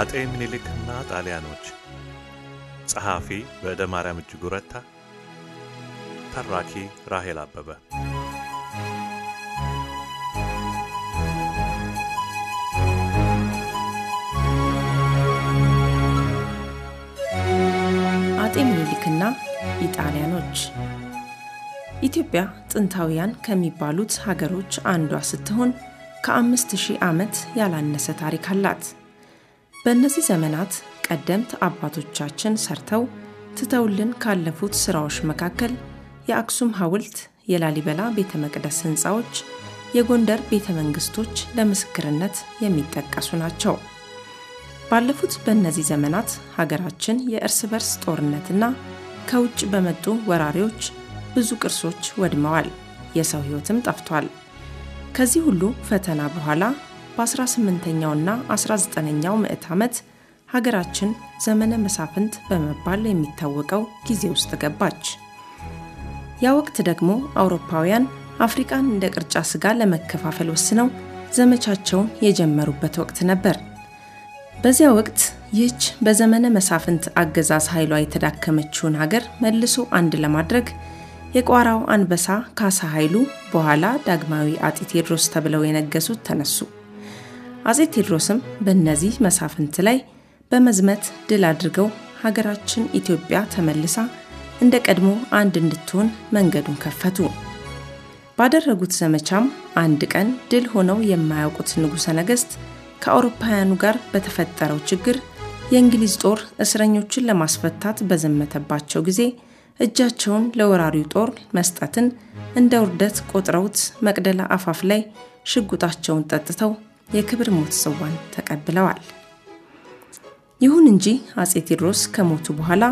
አጤ ምኒልክና ጣሊያኖች ጸሐፊ በዕደ ማርያም እጅጉ ረታ ተራኪ ራሄል አበበ አጤ ምኒልክና ኢጣሊያኖች ኢትዮጵያ ጥንታውያን ከሚባሉት ሀገሮች አንዷ ስትሆን ከአምስት ሺህ ዓመት ያላነሰ ታሪክ አላት። በእነዚህ ዘመናት ቀደምት አባቶቻችን ሰርተው ትተውልን ካለፉት ሥራዎች መካከል የአክሱም ሐውልት፣ የላሊበላ ቤተ መቅደስ ሕንፃዎች፣ የጎንደር ቤተ መንግሥቶች ለምስክርነት የሚጠቀሱ ናቸው። ባለፉት በእነዚህ ዘመናት ሀገራችን የእርስ በርስ ጦርነትና ከውጭ በመጡ ወራሪዎች ብዙ ቅርሶች ወድመዋል፣ የሰው ሕይወትም ጠፍቷል። ከዚህ ሁሉ ፈተና በኋላ በ18ኛውና 19ኛው ምዕት ዓመት ሀገራችን ዘመነ መሳፍንት በመባል የሚታወቀው ጊዜ ውስጥ ገባች። ያ ወቅት ደግሞ አውሮፓውያን አፍሪቃን እንደ ቅርጫ ስጋ ለመከፋፈል ወስነው ዘመቻቸውን የጀመሩበት ወቅት ነበር። በዚያ ወቅት ይህች በዘመነ መሳፍንት አገዛዝ ኃይሏ የተዳከመችውን ሀገር መልሶ አንድ ለማድረግ የቋራው አንበሳ ካሳ ኃይሉ በኋላ ዳግማዊ አጢ ቴድሮስ ተብለው የነገሱት ተነሱ። አጼ ቴዎድሮስም በእነዚህ መሳፍንት ላይ በመዝመት ድል አድርገው ሀገራችን ኢትዮጵያ ተመልሳ እንደ ቀድሞ አንድ እንድትሆን መንገዱን ከፈቱ። ባደረጉት ዘመቻም አንድ ቀን ድል ሆነው የማያውቁት ንጉሠ ነገሥት ከአውሮፓውያኑ ጋር በተፈጠረው ችግር የእንግሊዝ ጦር እስረኞችን ለማስፈታት በዘመተባቸው ጊዜ እጃቸውን ለወራሪው ጦር መስጠትን እንደ ውርደት ቆጥረውት መቅደላ አፋፍ ላይ ሽጉጣቸውን ጠጥተው የክብር ሞት ጽዋን ተቀብለዋል። ይሁን እንጂ አጼ ቴድሮስ ከሞቱ በኋላ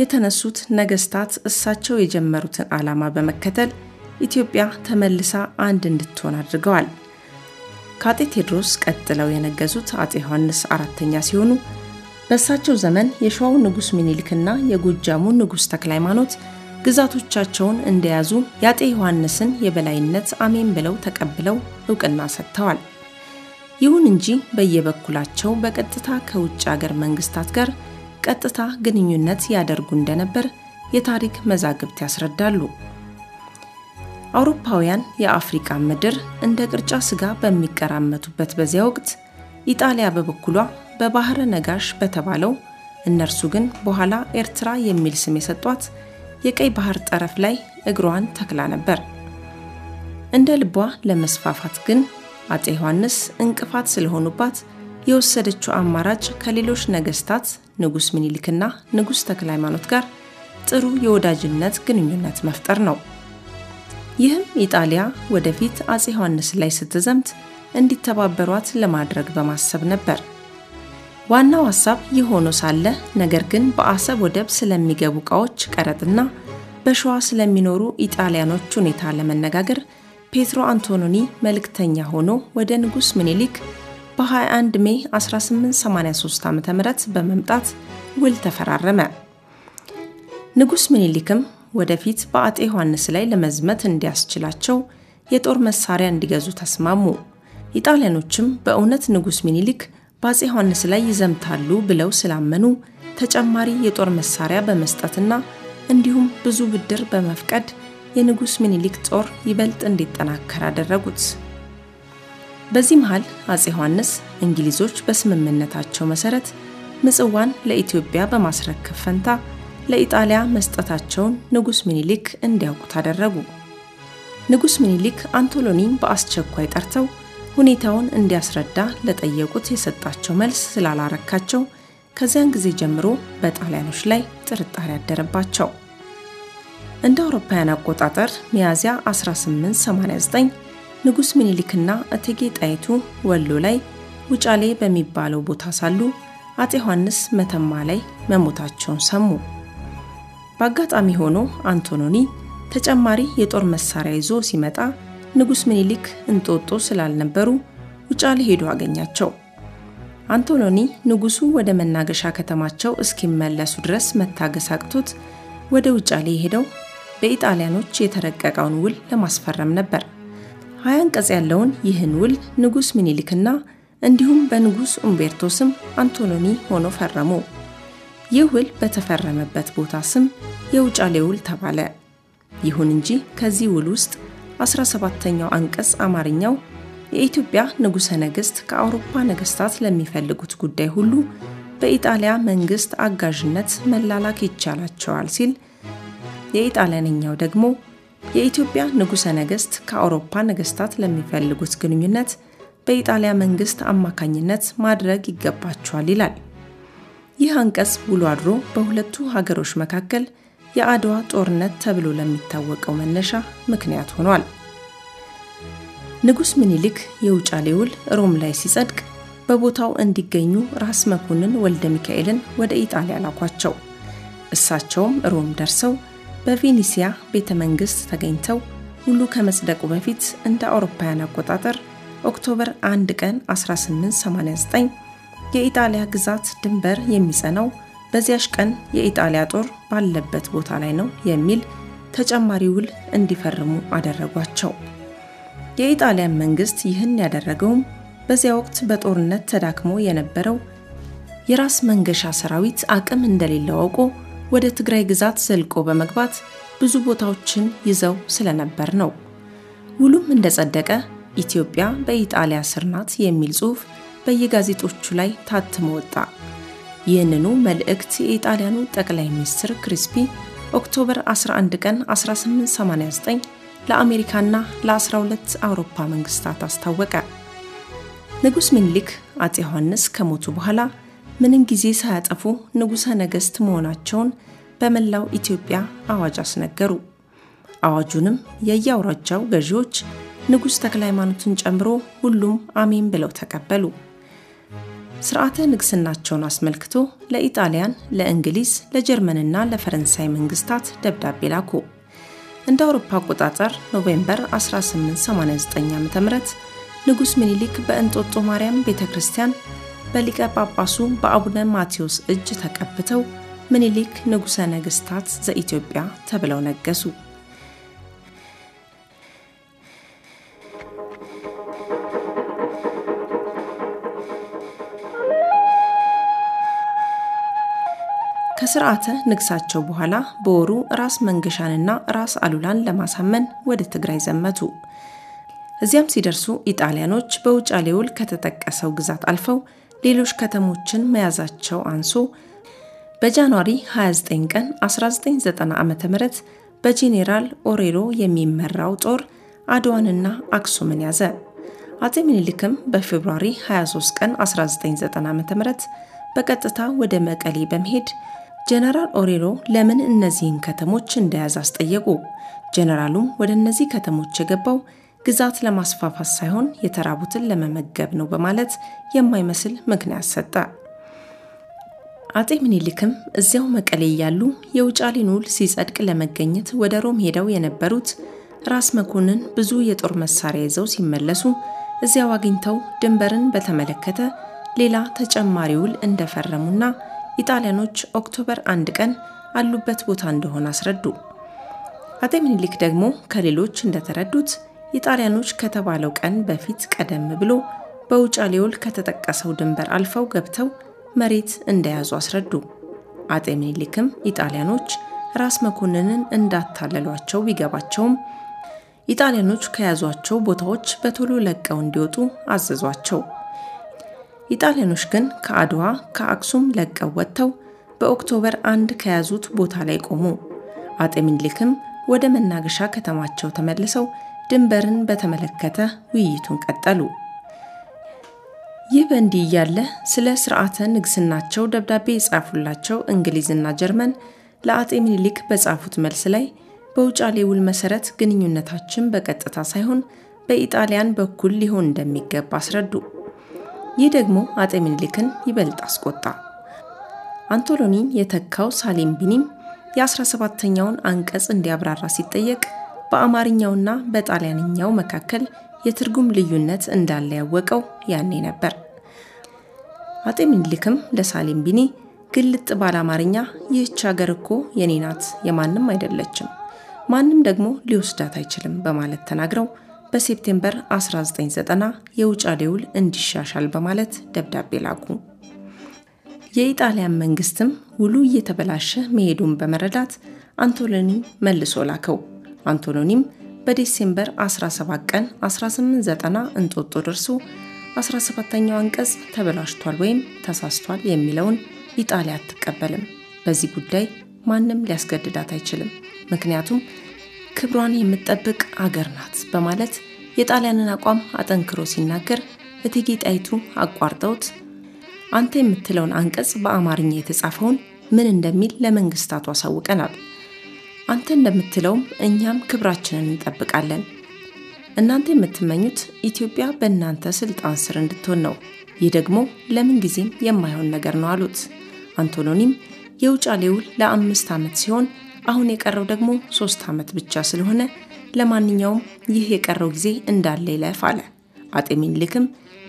የተነሱት ነገስታት እሳቸው የጀመሩትን ዓላማ በመከተል ኢትዮጵያ ተመልሳ አንድ እንድትሆን አድርገዋል። ከአጤ ቴድሮስ ቀጥለው የነገሱት አጤ ዮሐንስ አራተኛ ሲሆኑ በእሳቸው ዘመን የሸዋው ንጉሥ ሚኒልክና የጎጃሙ ንጉሥ ተክለ ሃይማኖት ግዛቶቻቸውን እንደያዙ የአጤ ዮሐንስን የበላይነት አሜን ብለው ተቀብለው እውቅና ሰጥተዋል። ይሁን እንጂ በየበኩላቸው በቀጥታ ከውጭ አገር መንግስታት ጋር ቀጥታ ግንኙነት ያደርጉ እንደነበር የታሪክ መዛግብት ያስረዳሉ። አውሮፓውያን የአፍሪቃ ምድር እንደ ቅርጫ ስጋ በሚቀራመቱበት በዚያ ወቅት ኢጣሊያ በበኩሏ በባህረ ነጋሽ በተባለው እነርሱ ግን በኋላ ኤርትራ የሚል ስም የሰጧት የቀይ ባህር ጠረፍ ላይ እግሯን ተክላ ነበር። እንደ ልቧ ለመስፋፋት ግን አፄ ዮሐንስ እንቅፋት ስለሆኑባት የወሰደችው አማራጭ ከሌሎች ነገስታት ንጉስ ምኒልክና ንጉስ ተክለ ሃይማኖት ጋር ጥሩ የወዳጅነት ግንኙነት መፍጠር ነው። ይህም ኢጣሊያ ወደፊት አጼ ዮሐንስ ላይ ስትዘምት እንዲተባበሯት ለማድረግ በማሰብ ነበር። ዋናው ሀሳብ ይህ ሆኖ ሳለ ነገር ግን በአሰብ ወደብ ስለሚገቡ ዕቃዎች ቀረጥና በሸዋ ስለሚኖሩ ኢጣሊያኖች ሁኔታ ለመነጋገር ፔትሮ አንቶኖኒ መልእክተኛ ሆኖ ወደ ንጉሥ ምኒልክ በ21 ሜ 1883 ዓ ም በመምጣት ውል ተፈራረመ። ንጉሥ ምኒልክም ወደፊት በአጤ ዮሐንስ ላይ ለመዝመት እንዲያስችላቸው የጦር መሳሪያ እንዲገዙ ተስማሙ። ኢጣሊያኖችም በእውነት ንጉሥ ሚኒሊክ በአጼ ዮሐንስ ላይ ይዘምታሉ ብለው ስላመኑ ተጨማሪ የጦር መሳሪያ በመስጠትና እንዲሁም ብዙ ብድር በመፍቀድ የንጉሥ ምኒልክ ጦር ይበልጥ እንዲጠናከር አደረጉት። በዚህ መሃል አጼ ዮሐንስ እንግሊዞች በስምምነታቸው መሰረት ምጽዋን ለኢትዮጵያ በማስረከብ ፈንታ ለኢጣሊያ መስጠታቸውን ንጉሥ ምኒልክ እንዲያውቁት አደረጉ። ንጉሥ ምኒልክ አንቶሎኒን በአስቸኳይ ጠርተው ሁኔታውን እንዲያስረዳ ለጠየቁት የሰጣቸው መልስ ስላላረካቸው ከዚያን ጊዜ ጀምሮ በጣሊያኖች ላይ ጥርጣሬ አደረባቸው። እንደ አውሮፓውያን አቆጣጠር ሚያዝያ 1889 ንጉሥ ምኒልክና እቴጌ ጣይቱ ወሎ ላይ ውጫሌ በሚባለው ቦታ ሳሉ አጼ ዮሐንስ መተማ ላይ መሞታቸውን ሰሙ። በአጋጣሚ ሆኖ አንቶኖኒ ተጨማሪ የጦር መሳሪያ ይዞ ሲመጣ ንጉሥ ምኒልክ እንጦጦ ስላልነበሩ ውጫሌ ሄዶ አገኛቸው። አንቶኖኒ ንጉሡ ወደ መናገሻ ከተማቸው እስኪመለሱ ድረስ መታገስ አቅቶት ወደ ውጫሌ ሄደው በኢጣሊያኖች የተረቀቀውን ውል ለማስፈረም ነበር። ሀያ አንቀጽ ያለውን ይህን ውል ንጉሥ ሚኒሊክና እንዲሁም በንጉሥ ኡምቤርቶ ስም አንቶሎኒ ሆኖ ፈረሙ። ይህ ውል በተፈረመበት ቦታ ስም የውጫሌ ውል ተባለ። ይሁን እንጂ ከዚህ ውል ውስጥ 17ኛው አንቀጽ አማርኛው የኢትዮጵያ ንጉሠ ነገሥት ከአውሮፓ ነገሥታት ለሚፈልጉት ጉዳይ ሁሉ በኢጣሊያ መንግሥት አጋዥነት መላላክ ይቻላቸዋል ሲል የኢጣሊያንኛው ደግሞ የኢትዮጵያ ንጉሠ ነገሥት ከአውሮፓ ነገሥታት ለሚፈልጉት ግንኙነት በኢጣሊያ መንግሥት አማካኝነት ማድረግ ይገባቸዋል ይላል። ይህ አንቀጽ ውሎ አድሮ በሁለቱ ሀገሮች መካከል የአድዋ ጦርነት ተብሎ ለሚታወቀው መነሻ ምክንያት ሆኗል። ንጉሥ ምኒልክ የውጫሌ ውል ሮም ላይ ሲጸድቅ በቦታው እንዲገኙ ራስ መኮንን ወልደ ሚካኤልን ወደ ኢጣሊያ ላኳቸው። እሳቸውም ሮም ደርሰው በቬኒሲያ ቤተ መንግስት ተገኝተው ሁሉ ከመጽደቁ በፊት እንደ አውሮፓውያን አቆጣጠር ኦክቶበር 1 ቀን 1889 የኢጣሊያ ግዛት ድንበር የሚጸናው በዚያሽ ቀን የኢጣሊያ ጦር ባለበት ቦታ ላይ ነው የሚል ተጨማሪ ውል እንዲፈርሙ አደረጓቸው። የኢጣሊያን መንግስት ይህን ያደረገውም በዚያ ወቅት በጦርነት ተዳክሞ የነበረው የራስ መንገሻ ሰራዊት አቅም እንደሌለው አውቆ ወደ ትግራይ ግዛት ዘልቆ በመግባት ብዙ ቦታዎችን ይዘው ስለነበር ነው። ውሉም እንደጸደቀ ኢትዮጵያ በኢጣሊያ ስር ናት የሚል ጽሑፍ በየጋዜጦቹ ላይ ታትሞ ወጣ። ይህንኑ መልእክት የኢጣሊያኑ ጠቅላይ ሚኒስትር ክሪስፒ ኦክቶበር 11 ቀን 1889 ለአሜሪካና ለ12 አውሮፓ መንግስታት አስታወቀ። ንጉሥ ምኒልክ አፄ ዮሐንስ ከሞቱ በኋላ ምንም ጊዜ ሳያጠፉ ንጉሠ ነገሥት መሆናቸውን በመላው ኢትዮጵያ አዋጅ አስነገሩ። አዋጁንም የየአውራጃው ገዢዎች ንጉሥ ተክለ ሃይማኖትን ጨምሮ ሁሉም አሜን ብለው ተቀበሉ። ስርዓተ ንግስናቸውን አስመልክቶ ለኢጣሊያን፣ ለእንግሊዝ፣ ለጀርመንና ለፈረንሳይ መንግስታት ደብዳቤ ላኩ። እንደ አውሮፓ አቆጣጠር ኖቬምበር 1889 ዓ ም ንጉሥ ምኒልክ በእንጦጦ ማርያም ቤተ ክርስቲያን በሊቀ ጳጳሱ በአቡነ ማቴዎስ እጅ ተቀብተው ምኒልክ ንጉሠ ነገሥታት ዘኢትዮጵያ ተብለው ነገሱ። ከስርዓተ ንግሳቸው በኋላ በወሩ ራስ መንገሻንና ራስ አሉላን ለማሳመን ወደ ትግራይ ዘመቱ። እዚያም ሲደርሱ ኢጣሊያኖች በውጫሌ ውል ከተጠቀሰው ግዛት አልፈው ሌሎች ከተሞችን መያዛቸው አንሶ በጃንዋሪ 29 ቀን 1990 ዓ ም በጄኔራል ኦሬሎ የሚመራው ጦር አድዋንና አክሱምን ያዘ። አጼ ምኒልክም በፌብሯሪ 23 ቀን 1990 ዓ ም በቀጥታ ወደ መቀሌ በመሄድ ጀነራል ኦሬሎ ለምን እነዚህን ከተሞች እንደያዝ አስጠየቁ። ጀነራሉም ወደ እነዚህ ከተሞች የገባው ግዛት ለማስፋፋት ሳይሆን የተራቡትን ለመመገብ ነው በማለት የማይመስል ምክንያት ሰጠ። አጤ ምኒልክም እዚያው መቀሌ እያሉ የውጫሌን ውል ሲጸድቅ ለመገኘት ወደ ሮም ሄደው የነበሩት ራስ መኮንን ብዙ የጦር መሳሪያ ይዘው ሲመለሱ እዚያው አግኝተው ድንበርን በተመለከተ ሌላ ተጨማሪ ውል እንደፈረሙና ኢጣሊያኖች ኦክቶበር አንድ ቀን አሉበት ቦታ እንደሆነ አስረዱ። አጤ ምኒልክ ደግሞ ከሌሎች እንደተረዱት የጣሊያኖች ከተባለው ቀን በፊት ቀደም ብሎ በውጫሌ ውል ከተጠቀሰው ድንበር አልፈው ገብተው መሬት እንደያዙ አስረዱ። አጤ ምኒልክም ኢጣሊያኖች ራስ መኮንንን እንዳታለሏቸው ቢገባቸውም ኢጣሊያኖች ከያዟቸው ቦታዎች በቶሎ ለቀው እንዲወጡ አዘዟቸው። ኢጣሊያኖች ግን ከአድዋ ከአክሱም ለቀው ወጥተው በኦክቶበር አንድ ከያዙት ቦታ ላይ ቆሙ። አጤ ምኒልክም ወደ መናገሻ ከተማቸው ተመልሰው ድንበርን በተመለከተ ውይይቱን ቀጠሉ። ይህ በእንዲህ እያለ ስለ ስርዓተ ንግስናቸው ደብዳቤ የጻፉላቸው እንግሊዝና ጀርመን ለአጤ ምኒልክ በጻፉት መልስ ላይ በውጫሌ ውል መሰረት ግንኙነታችን በቀጥታ ሳይሆን በኢጣሊያን በኩል ሊሆን እንደሚገባ አስረዱ። ይህ ደግሞ አጤ ምኒልክን ይበልጥ አስቆጣ። አንቶሎኒን የተካው ሳሊም ቢኒም የ17ኛውን አንቀጽ እንዲያብራራ ሲጠየቅ በአማርኛውና በጣሊያንኛው መካከል የትርጉም ልዩነት እንዳለ ያወቀው ያኔ ነበር። አጤ ምኒልክም ለሳሌም ቢኒ ግልጥ ባለ አማርኛ ይህች ሀገር እኮ የኔ ናት፣ የማንም አይደለችም፣ ማንም ደግሞ ሊወስዳት አይችልም በማለት ተናግረው በሴፕቴምበር 1990 የውጫሌ ውል እንዲሻሻል በማለት ደብዳቤ ላኩ። የኢጣሊያን መንግስትም ውሉ እየተበላሸ መሄዱን በመረዳት አንቶሎኒ መልሶ ላከው። አንቶሎኒም በዲሴምበር 17 ቀን 1890 እንጦጦ ደርሶ 17ኛው አንቀጽ ተበላሽቷል ወይም ተሳስቷል የሚለውን ኢጣሊያ አትቀበልም፣ በዚህ ጉዳይ ማንም ሊያስገድዳት አይችልም፣ ምክንያቱም ክብሯን የምትጠብቅ አገር ናት በማለት የጣሊያንን አቋም አጠንክሮ ሲናገር እቴጌ ጣይቱ አቋርጠውት አንተ የምትለውን አንቀጽ በአማርኛ የተጻፈውን ምን እንደሚል ለመንግስታቱ አሳውቀናል አንተ እንደምትለውም እኛም ክብራችንን እንጠብቃለን። እናንተ የምትመኙት ኢትዮጵያ በእናንተ ስልጣን ስር እንድትሆን ነው። ይህ ደግሞ ለምን የማይሆን ነገር ነው አሉት። አንቶኖኒም የውጫሌ ውል ለአምስት ዓመት ሲሆን አሁን የቀረው ደግሞ ሶስት ዓመት ብቻ ስለሆነ ለማንኛውም ይህ የቀረው ጊዜ እንዳለ ይለፍ አለ። አጤ ሚኒልክም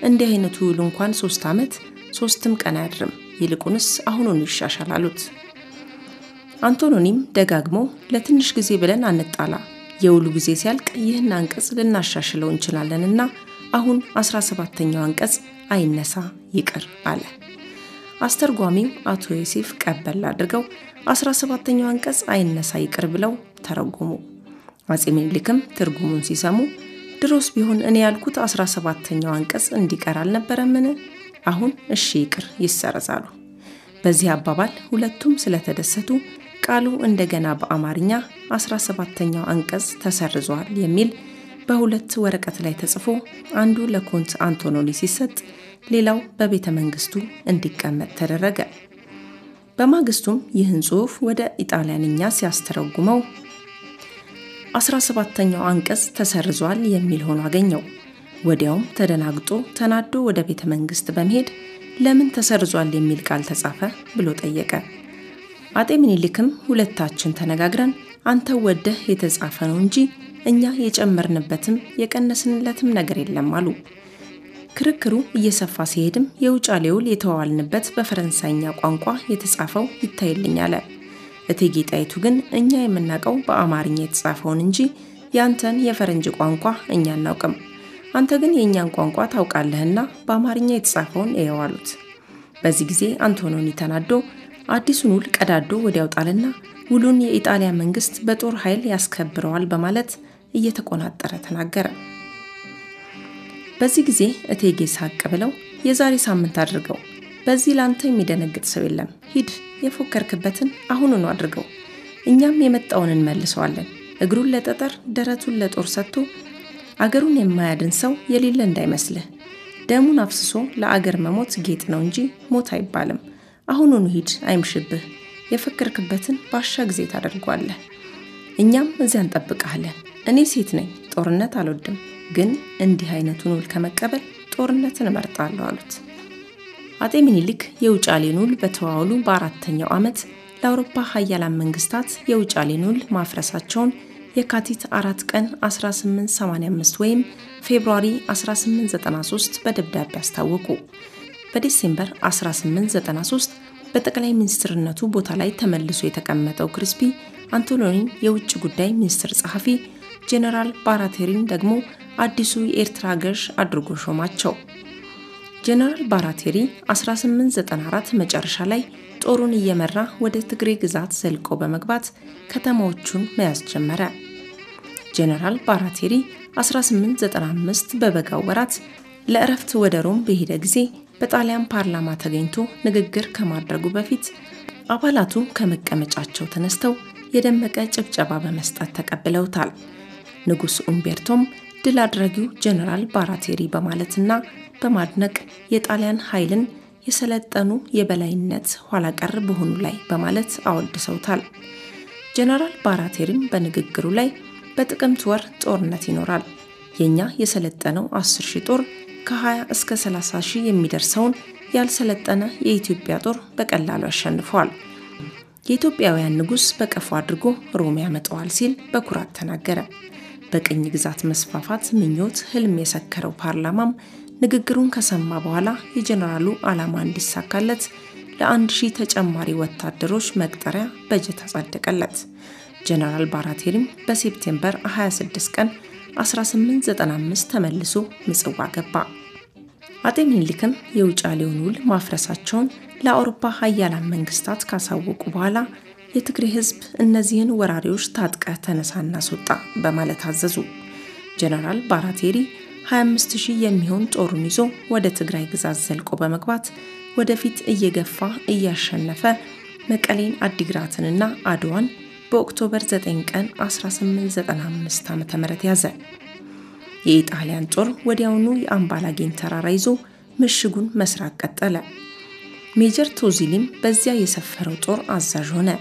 እንዲህ አይነቱ ውሉ እንኳን ሶስት ዓመት ሶስትም ቀን አያድርም፣ ይልቁንስ አሁኑን ይሻሻል አሉት። አንቶኖኒም ደጋግሞ ለትንሽ ጊዜ ብለን አንጣላ፣ የውሉ ጊዜ ሲያልቅ ይህን አንቀጽ ልናሻሽለው እንችላለን እና አሁን 17ተኛው አንቀጽ አይነሳ ይቅር አለ። አስተርጓሚው አቶ ዮሴፍ ቀበል አድርገው 17ተኛው አንቀጽ አይነሳ ይቅር ብለው ተረጉሙ። አጼ ምኒልክም ትርጉሙን ሲሰሙ ድሮስ ቢሆን እኔ ያልኩት 17ተኛው አንቀጽ እንዲቀር አልነበረምን? አሁን እሺ ይቅር ይሰረዛሉ። በዚህ አባባል ሁለቱም ስለተደሰቱ ቃሉ እንደገና በአማርኛ 17ኛው አንቀጽ ተሰርዟል የሚል በሁለት ወረቀት ላይ ተጽፎ አንዱ ለኮንት አንቶኖሊ ሲሰጥ፣ ሌላው በቤተ መንግስቱ እንዲቀመጥ ተደረገ። በማግስቱም ይህን ጽሑፍ ወደ ኢጣሊያንኛ ሲያስተረጉመው 17ኛው አንቀጽ ተሰርዟል የሚል ሆኖ አገኘው። ወዲያውም ተደናግጦ ተናዶ ወደ ቤተ መንግስት በመሄድ ለምን ተሰርዟል የሚል ቃል ተጻፈ ብሎ ጠየቀ። አጤ ምኒልክም ሁለታችን ተነጋግረን አንተ ወደህ የተጻፈ ነው እንጂ እኛ የጨመርንበትም የቀነስንለትም ነገር የለም አሉ። ክርክሩ እየሰፋ ሲሄድም የውጫሌ ውል የተዋልንበት በፈረንሳይኛ ቋንቋ የተጻፈው ይታይልኝ አለ። እቴጌ ጣይቱ ግን እኛ የምናውቀው በአማርኛ የተጻፈውን እንጂ ያንተን የፈረንጅ ቋንቋ እኛ አናውቅም፣ አንተ ግን የእኛን ቋንቋ ታውቃለህና በአማርኛ የተጻፈውን እየዋሉት። በዚህ ጊዜ አንቶኖኒ ተናዶ አዲሱን ውል ቀዳዶ ወዲያው ጣልና ውሉን የኢጣሊያ መንግስት በጦር ኃይል ያስከብረዋል በማለት እየተቆናጠረ ተናገረ። በዚህ ጊዜ እቴጌ ሳቅ ብለው የዛሬ ሳምንት አድርገው፣ በዚህ ላንተ የሚደነግጥ ሰው የለም፣ ሂድ የፎከርክበትን አሁኑኑ አድርገው፣ እኛም የመጣውን እንመልሰዋለን። እግሩን ለጠጠር ደረቱን ለጦር ሰጥቶ አገሩን የማያድን ሰው የሌለ እንዳይመስልህ። ደሙን አፍስሶ ለአገር መሞት ጌጥ ነው እንጂ ሞት አይባልም። አሁኑኑ ሂድ፣ አይምሽብህ። የፈከርክበትን ባሻ ጊዜ ታደርጓለህ። እኛም እዚያ እንጠብቅሃለን። እኔ ሴት ነኝ፣ ጦርነት አልወድም፣ ግን እንዲህ አይነቱን ውል ከመቀበል ጦርነትን እመርጣለሁ አሉት። አጤ ምኒልክ የውጫሌን ውል በተዋውሉ በአራተኛው ዓመት ለአውሮፓ ሀያላን መንግስታት የውጫሌን ውል ማፍረሳቸውን የካቲት አራት ቀን 1885 ወይም ፌብሯሪ 1893 በደብዳቤ አስታወቁ። በዲሴምበር 1893 በጠቅላይ ሚኒስትርነቱ ቦታ ላይ ተመልሶ የተቀመጠው ክሪስፒ አንቶሎኒን የውጭ ጉዳይ ሚኒስትር ጸሐፊ፣ ጄኔራል ባራቴሪን ደግሞ አዲሱ የኤርትራ ገዥ አድርጎ ሾማቸው። ጄኔራል ባራቴሪ 1894 መጨረሻ ላይ ጦሩን እየመራ ወደ ትግሬ ግዛት ዘልቆ በመግባት ከተማዎቹን መያዝ ጀመረ። ጄኔራል ባራቴሪ 1895 በበጋው ወራት ለእረፍት ወደ ሮም በሄደ ጊዜ በጣሊያን ፓርላማ ተገኝቶ ንግግር ከማድረጉ በፊት አባላቱ ከመቀመጫቸው ተነስተው የደመቀ ጭብጨባ በመስጠት ተቀብለውታል። ንጉሥ ኡምቤርቶም ድል አድራጊው ጀኔራል ባራቴሪ በማለትና በማድነቅ የጣሊያን ኃይልን የሰለጠኑ የበላይነት ኋላቀር በሆኑ ላይ በማለት አወድሰውታል። ጀነራል ባራቴሪም በንግግሩ ላይ በጥቅምት ወር ጦርነት ይኖራል፣ የእኛ የሰለጠነው አስር ሺህ ጦር ከ20 እስከ 30 ሺህ የሚደርሰውን ያልሰለጠነ የኢትዮጵያ ጦር በቀላሉ አሸንፈዋል። የኢትዮጵያውያን ንጉሥ በቀፎ አድርጎ ሮም ያመጣዋል ሲል በኩራት ተናገረ። በቅኝ ግዛት መስፋፋት ምኞት ህልም የሰከረው ፓርላማም ንግግሩን ከሰማ በኋላ የጀኔራሉ ዓላማ እንዲሳካለት ለአንድ ሺህ ተጨማሪ ወታደሮች መቅጠሪያ በጀት አጸደቀለት። ጀነራል ባራቴሪም በሴፕቴምበር 26 ቀን 1895 ተመልሶ ምጽዋ ገባ። አጤ ምኒልክም የውጫሌውን ውል ማፍረሳቸውን ለአውሮፓ ሀያላን መንግስታት ካሳወቁ በኋላ የትግሬ ህዝብ እነዚህን ወራሪዎች ታጥቀ ተነሳና ሰጣ በማለት አዘዙ። ጀነራል ባራቴሪ 25 ሺህ የሚሆን ጦሩን ይዞ ወደ ትግራይ ግዛት ዘልቆ በመግባት ወደፊት እየገፋ እያሸነፈ መቀሌን፣ አዲግራትንና አድዋን በኦክቶበር 9 ቀን 1895 ዓ ም ያዘ። የኢጣሊያን ጦር ወዲያውኑ የአምባላጌን ተራራ ይዞ ምሽጉን መስራት ቀጠለ። ሜጀር ቶዚሊም በዚያ የሰፈረው ጦር አዛዥ ሆነ።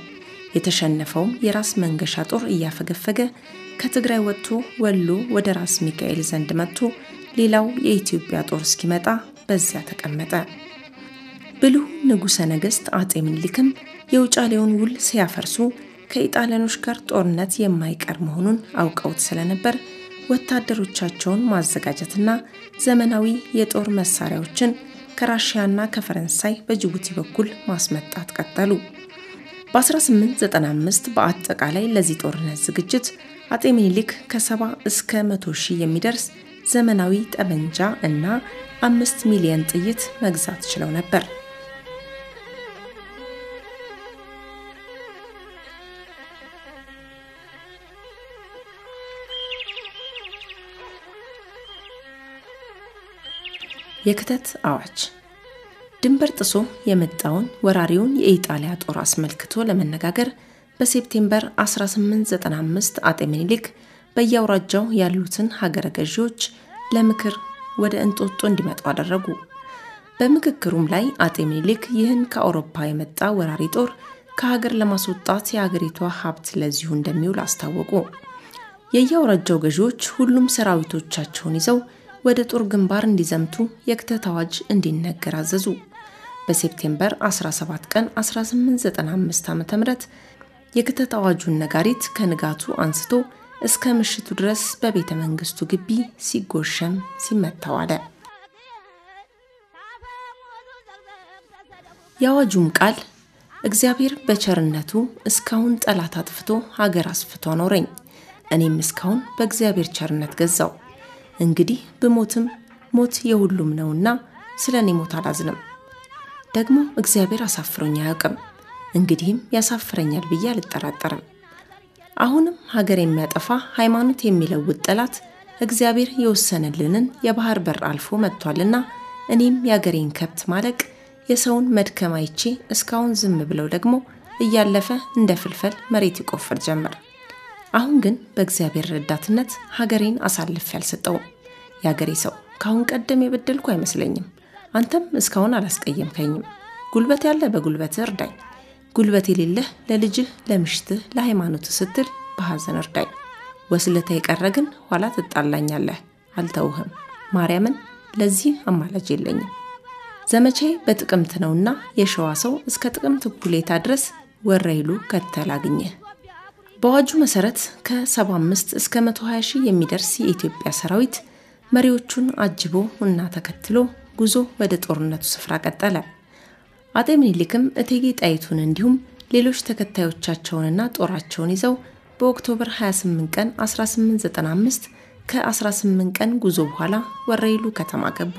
የተሸነፈውም የራስ መንገሻ ጦር እያፈገፈገ ከትግራይ ወጥቶ ወሎ ወደ ራስ ሚካኤል ዘንድ መጥቶ ሌላው የኢትዮጵያ ጦር እስኪመጣ በዚያ ተቀመጠ። ብልሁ ንጉሠ ነገሥት አጤ ምኒልክም የውጫሌውን ውል ሲያፈርሱ ከኢጣሊያኖች ጋር ጦርነት የማይቀር መሆኑን አውቀውት ስለነበር ወታደሮቻቸውን ማዘጋጀትና ዘመናዊ የጦር መሳሪያዎችን ከራሽያና ከፈረንሳይ በጅቡቲ በኩል ማስመጣት ቀጠሉ። በ1895 በአጠቃላይ ለዚህ ጦርነት ዝግጅት አጤ ሚኒሊክ ከ70 እስከ 100 ሺህ የሚደርስ ዘመናዊ ጠመንጃ እና አምስት ሚሊየን ጥይት መግዛት ችለው ነበር። የክተት አዋጅ ድንበር ጥሶ የመጣውን ወራሪውን የኢጣሊያ ጦር አስመልክቶ ለመነጋገር በሴፕቴምበር 1895 አጤ ምኒልክ በየአውራጃው ያሉትን ሀገረ ገዢዎች ለምክር ወደ እንጦጦ እንዲመጡ አደረጉ። በምክክሩም ላይ አጤ ምኒልክ ይህን ከአውሮፓ የመጣ ወራሪ ጦር ከሀገር ለማስወጣት የአገሪቷ ሀብት ለዚሁ እንደሚውል አስታወቁ። የየአውራጃው ገዢዎች ሁሉም ሰራዊቶቻቸውን ይዘው ወደ ጦር ግንባር እንዲዘምቱ የክተት አዋጅ እንዲነገር አዘዙ። በሴፕቴምበር 17 ቀን 1895 ዓ ም የክተት አዋጁን ነጋሪት ከንጋቱ አንስቶ እስከ ምሽቱ ድረስ በቤተ መንግስቱ ግቢ ሲጎሸም ሲመታ ዋለ። የአዋጁም ቃል እግዚአብሔር በቸርነቱ እስካሁን ጠላት አጥፍቶ ሀገር አስፍቶ አኖረኝ፣ እኔም እስካሁን በእግዚአብሔር ቸርነት ገዛው እንግዲህ ብሞትም ሞት የሁሉም ነውና ስለ እኔ ሞት አላዝንም። ደግሞ እግዚአብሔር አሳፍሮኝ አያውቅም፣ እንግዲህም ያሳፍረኛል ብዬ አልጠራጠርም። አሁንም ሀገር የሚያጠፋ ሃይማኖት የሚለውጥ ጠላት እግዚአብሔር የወሰነልንን የባህር በር አልፎ መጥቷልና እኔም የአገሬን ከብት ማለቅ የሰውን መድከም አይቼ እስካሁን ዝም ብለው ደግሞ እያለፈ እንደ ፍልፈል መሬት ይቆፍር ጀመር። አሁን ግን በእግዚአብሔር ረዳትነት ሀገሬን አሳልፌ አልሰጠውም። የአገሬ ሰው ከአሁን ቀደም የበደልኩ አይመስለኝም። አንተም እስካሁን አላስቀየምከኝም። ጉልበት ያለ በጉልበት እርዳኝ፣ ጉልበት የሌለህ ለልጅህ፣ ለምሽትህ፣ ለሃይማኖት ስትል በሐዘን እርዳኝ። ወስለታ የቀረ ግን ኋላ ትጣላኛለህ፣ አልተውህም። ማርያምን ለዚህ አማላጅ የለኝም። ዘመቼ በጥቅምት ነውና የሸዋ ሰው እስከ ጥቅምት እኩሌታ ድረስ ወረይሉ ከተል አግኘ። በአዋጁ መሰረት ከ75 እስከ 120 ሺህ የሚደርስ የኢትዮጵያ ሰራዊት መሪዎቹን አጅቦ እና ተከትሎ ጉዞ ወደ ጦርነቱ ስፍራ ቀጠለ። አጤ ምኒልክም እቴጌ ጣይቱን እንዲሁም ሌሎች ተከታዮቻቸውንና ጦራቸውን ይዘው በኦክቶበር 28 ቀን 1895 ከ18 ቀን ጉዞ በኋላ ወረይሉ ከተማ ገቡ።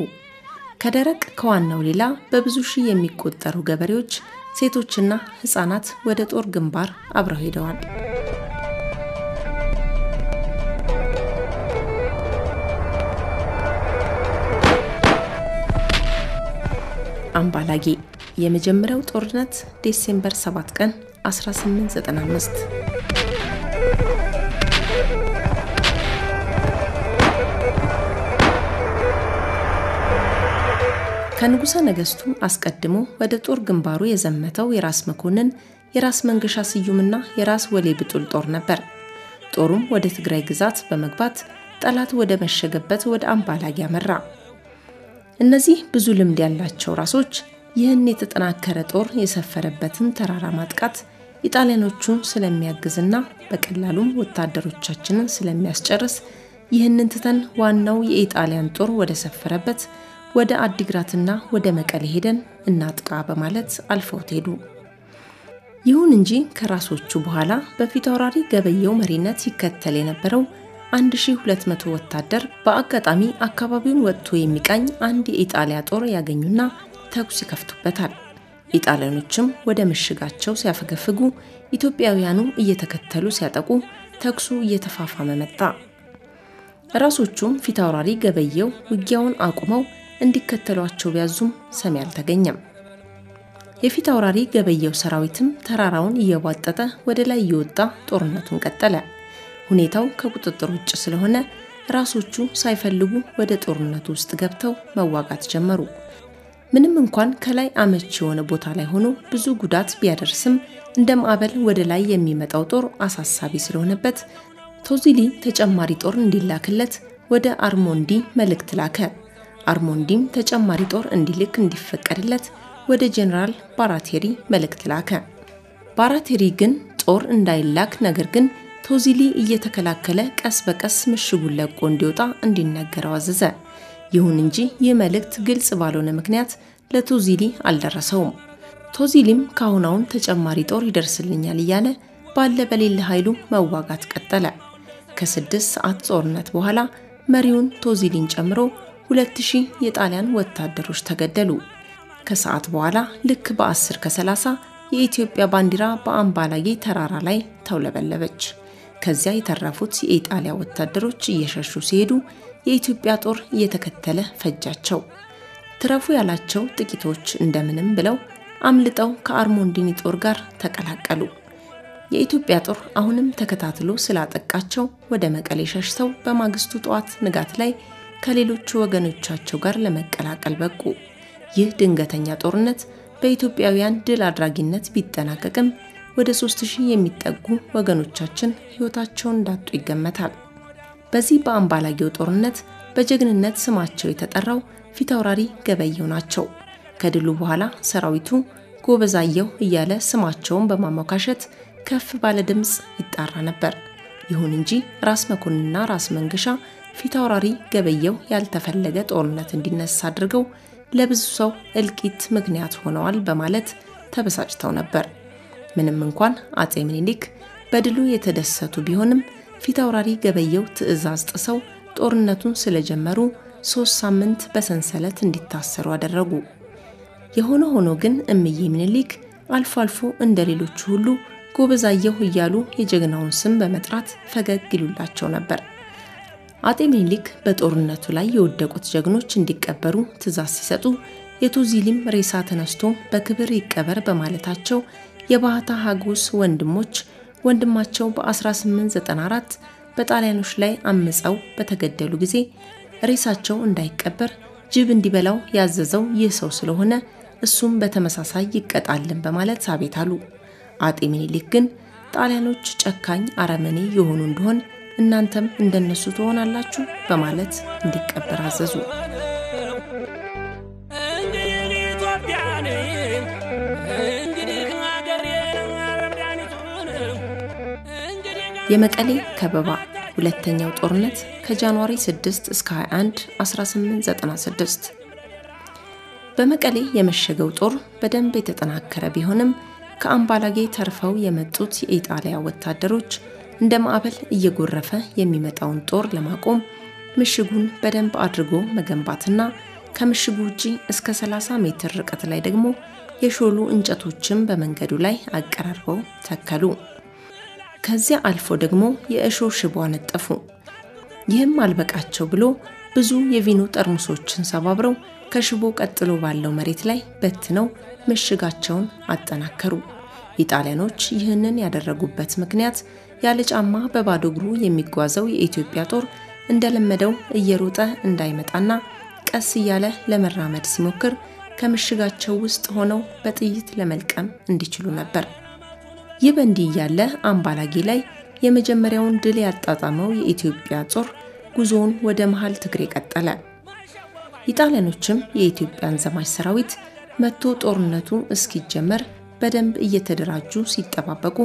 ከደረቅ ከዋናው ሌላ በብዙ ሺህ የሚቆጠሩ ገበሬዎች፣ ሴቶችና ሕፃናት ወደ ጦር ግንባር አብረው ሄደዋል። አምባላጌ የመጀመሪያው ጦርነት ዲሴምበር 7 ቀን 1895 ከንጉሠ ነገሥቱ አስቀድሞ ወደ ጦር ግንባሩ የዘመተው የራስ መኮንን የራስ መንገሻ ስዩምና የራስ ወሌ ብጡል ጦር ነበር። ጦሩም ወደ ትግራይ ግዛት በመግባት ጠላት ወደ መሸገበት ወደ አምባላጌ አመራ። እነዚህ ብዙ ልምድ ያላቸው ራሶች ይህን የተጠናከረ ጦር የሰፈረበትን ተራራ ማጥቃት ኢጣሊያኖቹን ስለሚያግዝና በቀላሉም ወታደሮቻችንን ስለሚያስጨርስ ይህንን ትተን ዋናው የኢጣሊያን ጦር ወደ ሰፈረበት ወደ አዲግራትና ወደ መቀሌ ሄደን እናጥቃ በማለት አልፈውት ሄዱ። ይሁን እንጂ ከራሶቹ በኋላ አውራሪ ገበየው መሪነት ይከተል የነበረው 1200 ወታደር በአጋጣሚ አካባቢውን ወጥቶ የሚቃኝ አንድ የኢጣሊያ ጦር ያገኙና ተኩስ ይከፍቱበታል። ኢጣሊያኖችም ወደ ምሽጋቸው ሲያፈገፍጉ፣ ኢትዮጵያውያኑ እየተከተሉ ሲያጠቁ ተኩሱ እየተፋፋመ መጣ። ራሶቹም ፊታውራሪ ገበየው ውጊያውን አቁመው እንዲከተሏቸው ቢያዙም ሰሚ አልተገኘም። የፊታውራሪ ገበየው ሰራዊትም ተራራውን እየቧጠጠ ወደ ላይ እየወጣ ጦርነቱን ቀጠለ። ሁኔታው ከቁጥጥር ውጭ ስለሆነ ራሶቹ ሳይፈልጉ ወደ ጦርነቱ ውስጥ ገብተው መዋጋት ጀመሩ። ምንም እንኳን ከላይ አመች የሆነ ቦታ ላይ ሆኖ ብዙ ጉዳት ቢያደርስም እንደ ማዕበል ወደ ላይ የሚመጣው ጦር አሳሳቢ ስለሆነበት ቶዚሊ ተጨማሪ ጦር እንዲላክለት ወደ አርሞንዲ መልእክት ላከ። አርሞንዲም ተጨማሪ ጦር እንዲልክ እንዲፈቀድለት ወደ ጄኔራል ባራቴሪ መልእክት ላከ። ባራቴሪ ግን ጦር እንዳይላክ ነገር ግን ቶዚሊ እየተከላከለ ቀስ በቀስ ምሽጉን ለቆ እንዲወጣ እንዲነገረው አዘዘ። ይሁን እንጂ ይህ መልእክት ግልጽ ባልሆነ ምክንያት ለቶዚሊ አልደረሰውም። ቶዚሊም ካሁናውን ተጨማሪ ጦር ይደርስልኛል እያለ ባለ በሌለ ኃይሉ መዋጋት ቀጠለ። ከስድስት ሰዓት ጦርነት በኋላ መሪውን ቶዚሊን ጨምሮ ሁለት የጣሊያን ወታደሮች ተገደሉ። ከሰዓት በኋላ ልክ በ10 ከ30 የኢትዮጵያ ባንዲራ በአምባላጌ ተራራ ላይ ተውለበለበች። ከዚያ የተረፉት የኢጣሊያ ወታደሮች እየሸሹ ሲሄዱ የኢትዮጵያ ጦር እየተከተለ ፈጃቸው። ትረፉ ያላቸው ጥቂቶች እንደምንም ብለው አምልጠው ከአርሞንዲኒ ጦር ጋር ተቀላቀሉ። የኢትዮጵያ ጦር አሁንም ተከታትሎ ስላጠቃቸው ወደ መቀሌ ሸሽተው በማግስቱ ጠዋት ንጋት ላይ ከሌሎቹ ወገኖቻቸው ጋር ለመቀላቀል በቁ። ይህ ድንገተኛ ጦርነት በኢትዮጵያውያን ድል አድራጊነት ቢጠናቀቅም ወደ 3000 የሚጠጉ ወገኖቻችን ሕይወታቸውን እንዳጡ ይገመታል። በዚህ በአምባላጌው ጦርነት በጀግንነት ስማቸው የተጠራው ፊታውራሪ ገበየው ናቸው። ከድሉ በኋላ ሰራዊቱ ጎበዛየው እያለ ስማቸውን በማሞካሸት ከፍ ባለ ድምፅ ይጣራ ነበር። ይሁን እንጂ ራስ መኮንንና ራስ መንገሻ ፊታውራሪ ገበየው ያልተፈለገ ጦርነት እንዲነሳ አድርገው ለብዙ ሰው እልቂት ምክንያት ሆነዋል በማለት ተበሳጭተው ነበር። ምንም እንኳን አጼ ሚኒሊክ በድሉ የተደሰቱ ቢሆንም ፊታውራሪ ገበየው ትዕዛዝ ጥሰው ጦርነቱን ስለጀመሩ ሶስት ሳምንት በሰንሰለት እንዲታሰሩ አደረጉ። የሆነ ሆኖ ግን እምዬ ሚኒሊክ አልፎ አልፎ እንደ ሌሎቹ ሁሉ ጎበዛየሁ እያሉ የጀግናውን ስም በመጥራት ፈገግ ይሉላቸው ነበር። አጤ ሚኒሊክ በጦርነቱ ላይ የወደቁት ጀግኖች እንዲቀበሩ ትዕዛዝ ሲሰጡ የቱዚሊም ሬሳ ተነስቶ በክብር ይቀበር በማለታቸው የባህታ ሀጉስ ወንድሞች ወንድማቸው በ1894 በጣሊያኖች ላይ አምፀው በተገደሉ ጊዜ ሬሳቸው እንዳይቀበር ጅብ እንዲበላው ያዘዘው ይህ ሰው ስለሆነ እሱም በተመሳሳይ ይቀጣልን በማለት ሳቤት አሉ። አጤ ምኒልክ ግን ጣሊያኖች ጨካኝ አረመኔ የሆኑ እንደሆን እናንተም እንደነሱ ትሆናላችሁ በማለት እንዲቀበር አዘዙ። የመቀሌ ከበባ ሁለተኛው ጦርነት ከጃንዋሪ 6 እስከ 21 1896 በመቀሌ የመሸገው ጦር በደንብ የተጠናከረ ቢሆንም ከአምባላጌ ተርፈው የመጡት የኢጣሊያ ወታደሮች እንደ ማዕበል እየጎረፈ የሚመጣውን ጦር ለማቆም ምሽጉን በደንብ አድርጎ መገንባትና ከምሽጉ ውጪ እስከ 30 ሜትር ርቀት ላይ ደግሞ የሾሉ እንጨቶችን በመንገዱ ላይ አቀራርበው ተከሉ። ከዚያ አልፎ ደግሞ የእሾህ ሽቦ አነጠፉ። ይህም አልበቃቸው ብሎ ብዙ የቪኖ ጠርሙሶችን ሰባብረው ከሽቦ ቀጥሎ ባለው መሬት ላይ በትነው ምሽጋቸውን አጠናከሩ። ኢጣሊያኖች ይህንን ያደረጉበት ምክንያት ያለ ጫማ በባዶ እግሩ የሚጓዘው የኢትዮጵያ ጦር እንደለመደው እየሮጠ እንዳይመጣና ቀስ እያለ ለመራመድ ሲሞክር ከምሽጋቸው ውስጥ ሆነው በጥይት ለመልቀም እንዲችሉ ነበር። ይህ በእንዲህ እያለ አምባላጌ ላይ የመጀመሪያውን ድል ያጣጣመው የኢትዮጵያ ጦር ጉዞውን ወደ መሃል ትግሬ ቀጠለ። ኢጣሊያኖችም የኢትዮጵያን ዘማች ሰራዊት መጥቶ ጦርነቱ እስኪጀመር በደንብ እየተደራጁ ሲጠባበቁ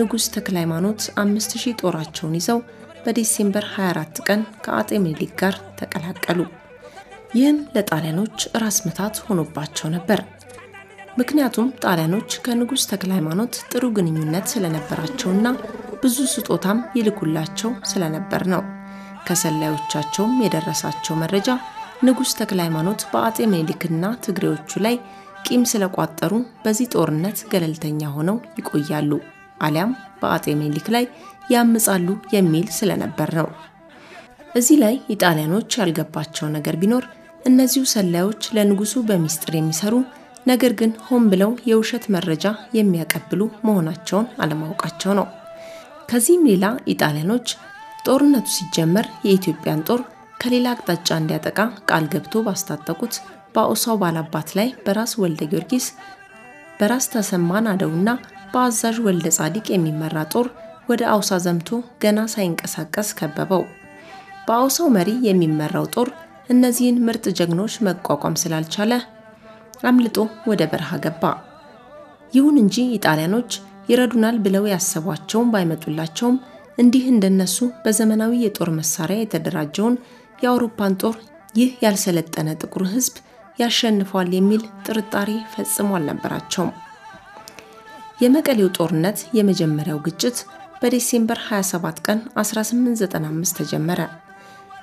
ንጉሥ ተክለ ሃይማኖት 5000 ጦራቸውን ይዘው በዲሴምበር 24 ቀን ከአጤ ምኒልክ ጋር ተቀላቀሉ። ይህም ለጣሊያኖች ራስ ምታት ሆኖባቸው ነበር። ምክንያቱም ጣሊያኖች ከንጉሥ ተክለ ሃይማኖት ጥሩ ግንኙነት ስለነበራቸውና ብዙ ስጦታም ይልኩላቸው ስለነበር ነው። ከሰላዮቻቸውም የደረሳቸው መረጃ ንጉሥ ተክለ ሃይማኖት በአጤ ምኒልክና ትግሬዎቹ ላይ ቂም ስለቋጠሩ በዚህ ጦርነት ገለልተኛ ሆነው ይቆያሉ አሊያም በአጤ ምኒልክ ላይ ያምጻሉ የሚል ስለነበር ነው። እዚህ ላይ ኢጣሊያኖች ያልገባቸው ነገር ቢኖር እነዚሁ ሰላዮች ለንጉሱ በሚስጥር የሚሰሩ ነገር ግን ሆን ብለው የውሸት መረጃ የሚያቀብሉ መሆናቸውን አለማወቃቸው ነው። ከዚህም ሌላ ኢጣሊያኖች ጦርነቱ ሲጀመር የኢትዮጵያን ጦር ከሌላ አቅጣጫ እንዲያጠቃ ቃል ገብቶ ባስታጠቁት በአውሳው ባላባት ላይ በራስ ወልደ ጊዮርጊስ በራስ ተሰማን አደውና በአዛዥ ወልደ ጻዲቅ የሚመራ ጦር ወደ አውሳ ዘምቶ ገና ሳይንቀሳቀስ ከበበው። በአውሳው መሪ የሚመራው ጦር እነዚህን ምርጥ ጀግኖች መቋቋም ስላልቻለ አምልጦ ወደ በረሃ ገባ። ይሁን እንጂ ኢጣሊያኖች ይረዱናል ብለው ያሰቧቸውም ባይመጡላቸውም እንዲህ እንደነሱ በዘመናዊ የጦር መሳሪያ የተደራጀውን የአውሮፓን ጦር ይህ ያልሰለጠነ ጥቁር ሕዝብ ያሸንፏል የሚል ጥርጣሬ ፈጽሞ አልነበራቸውም። የመቀሌው ጦርነት የመጀመሪያው ግጭት በዲሴምበር 27 ቀን 1895 ተጀመረ።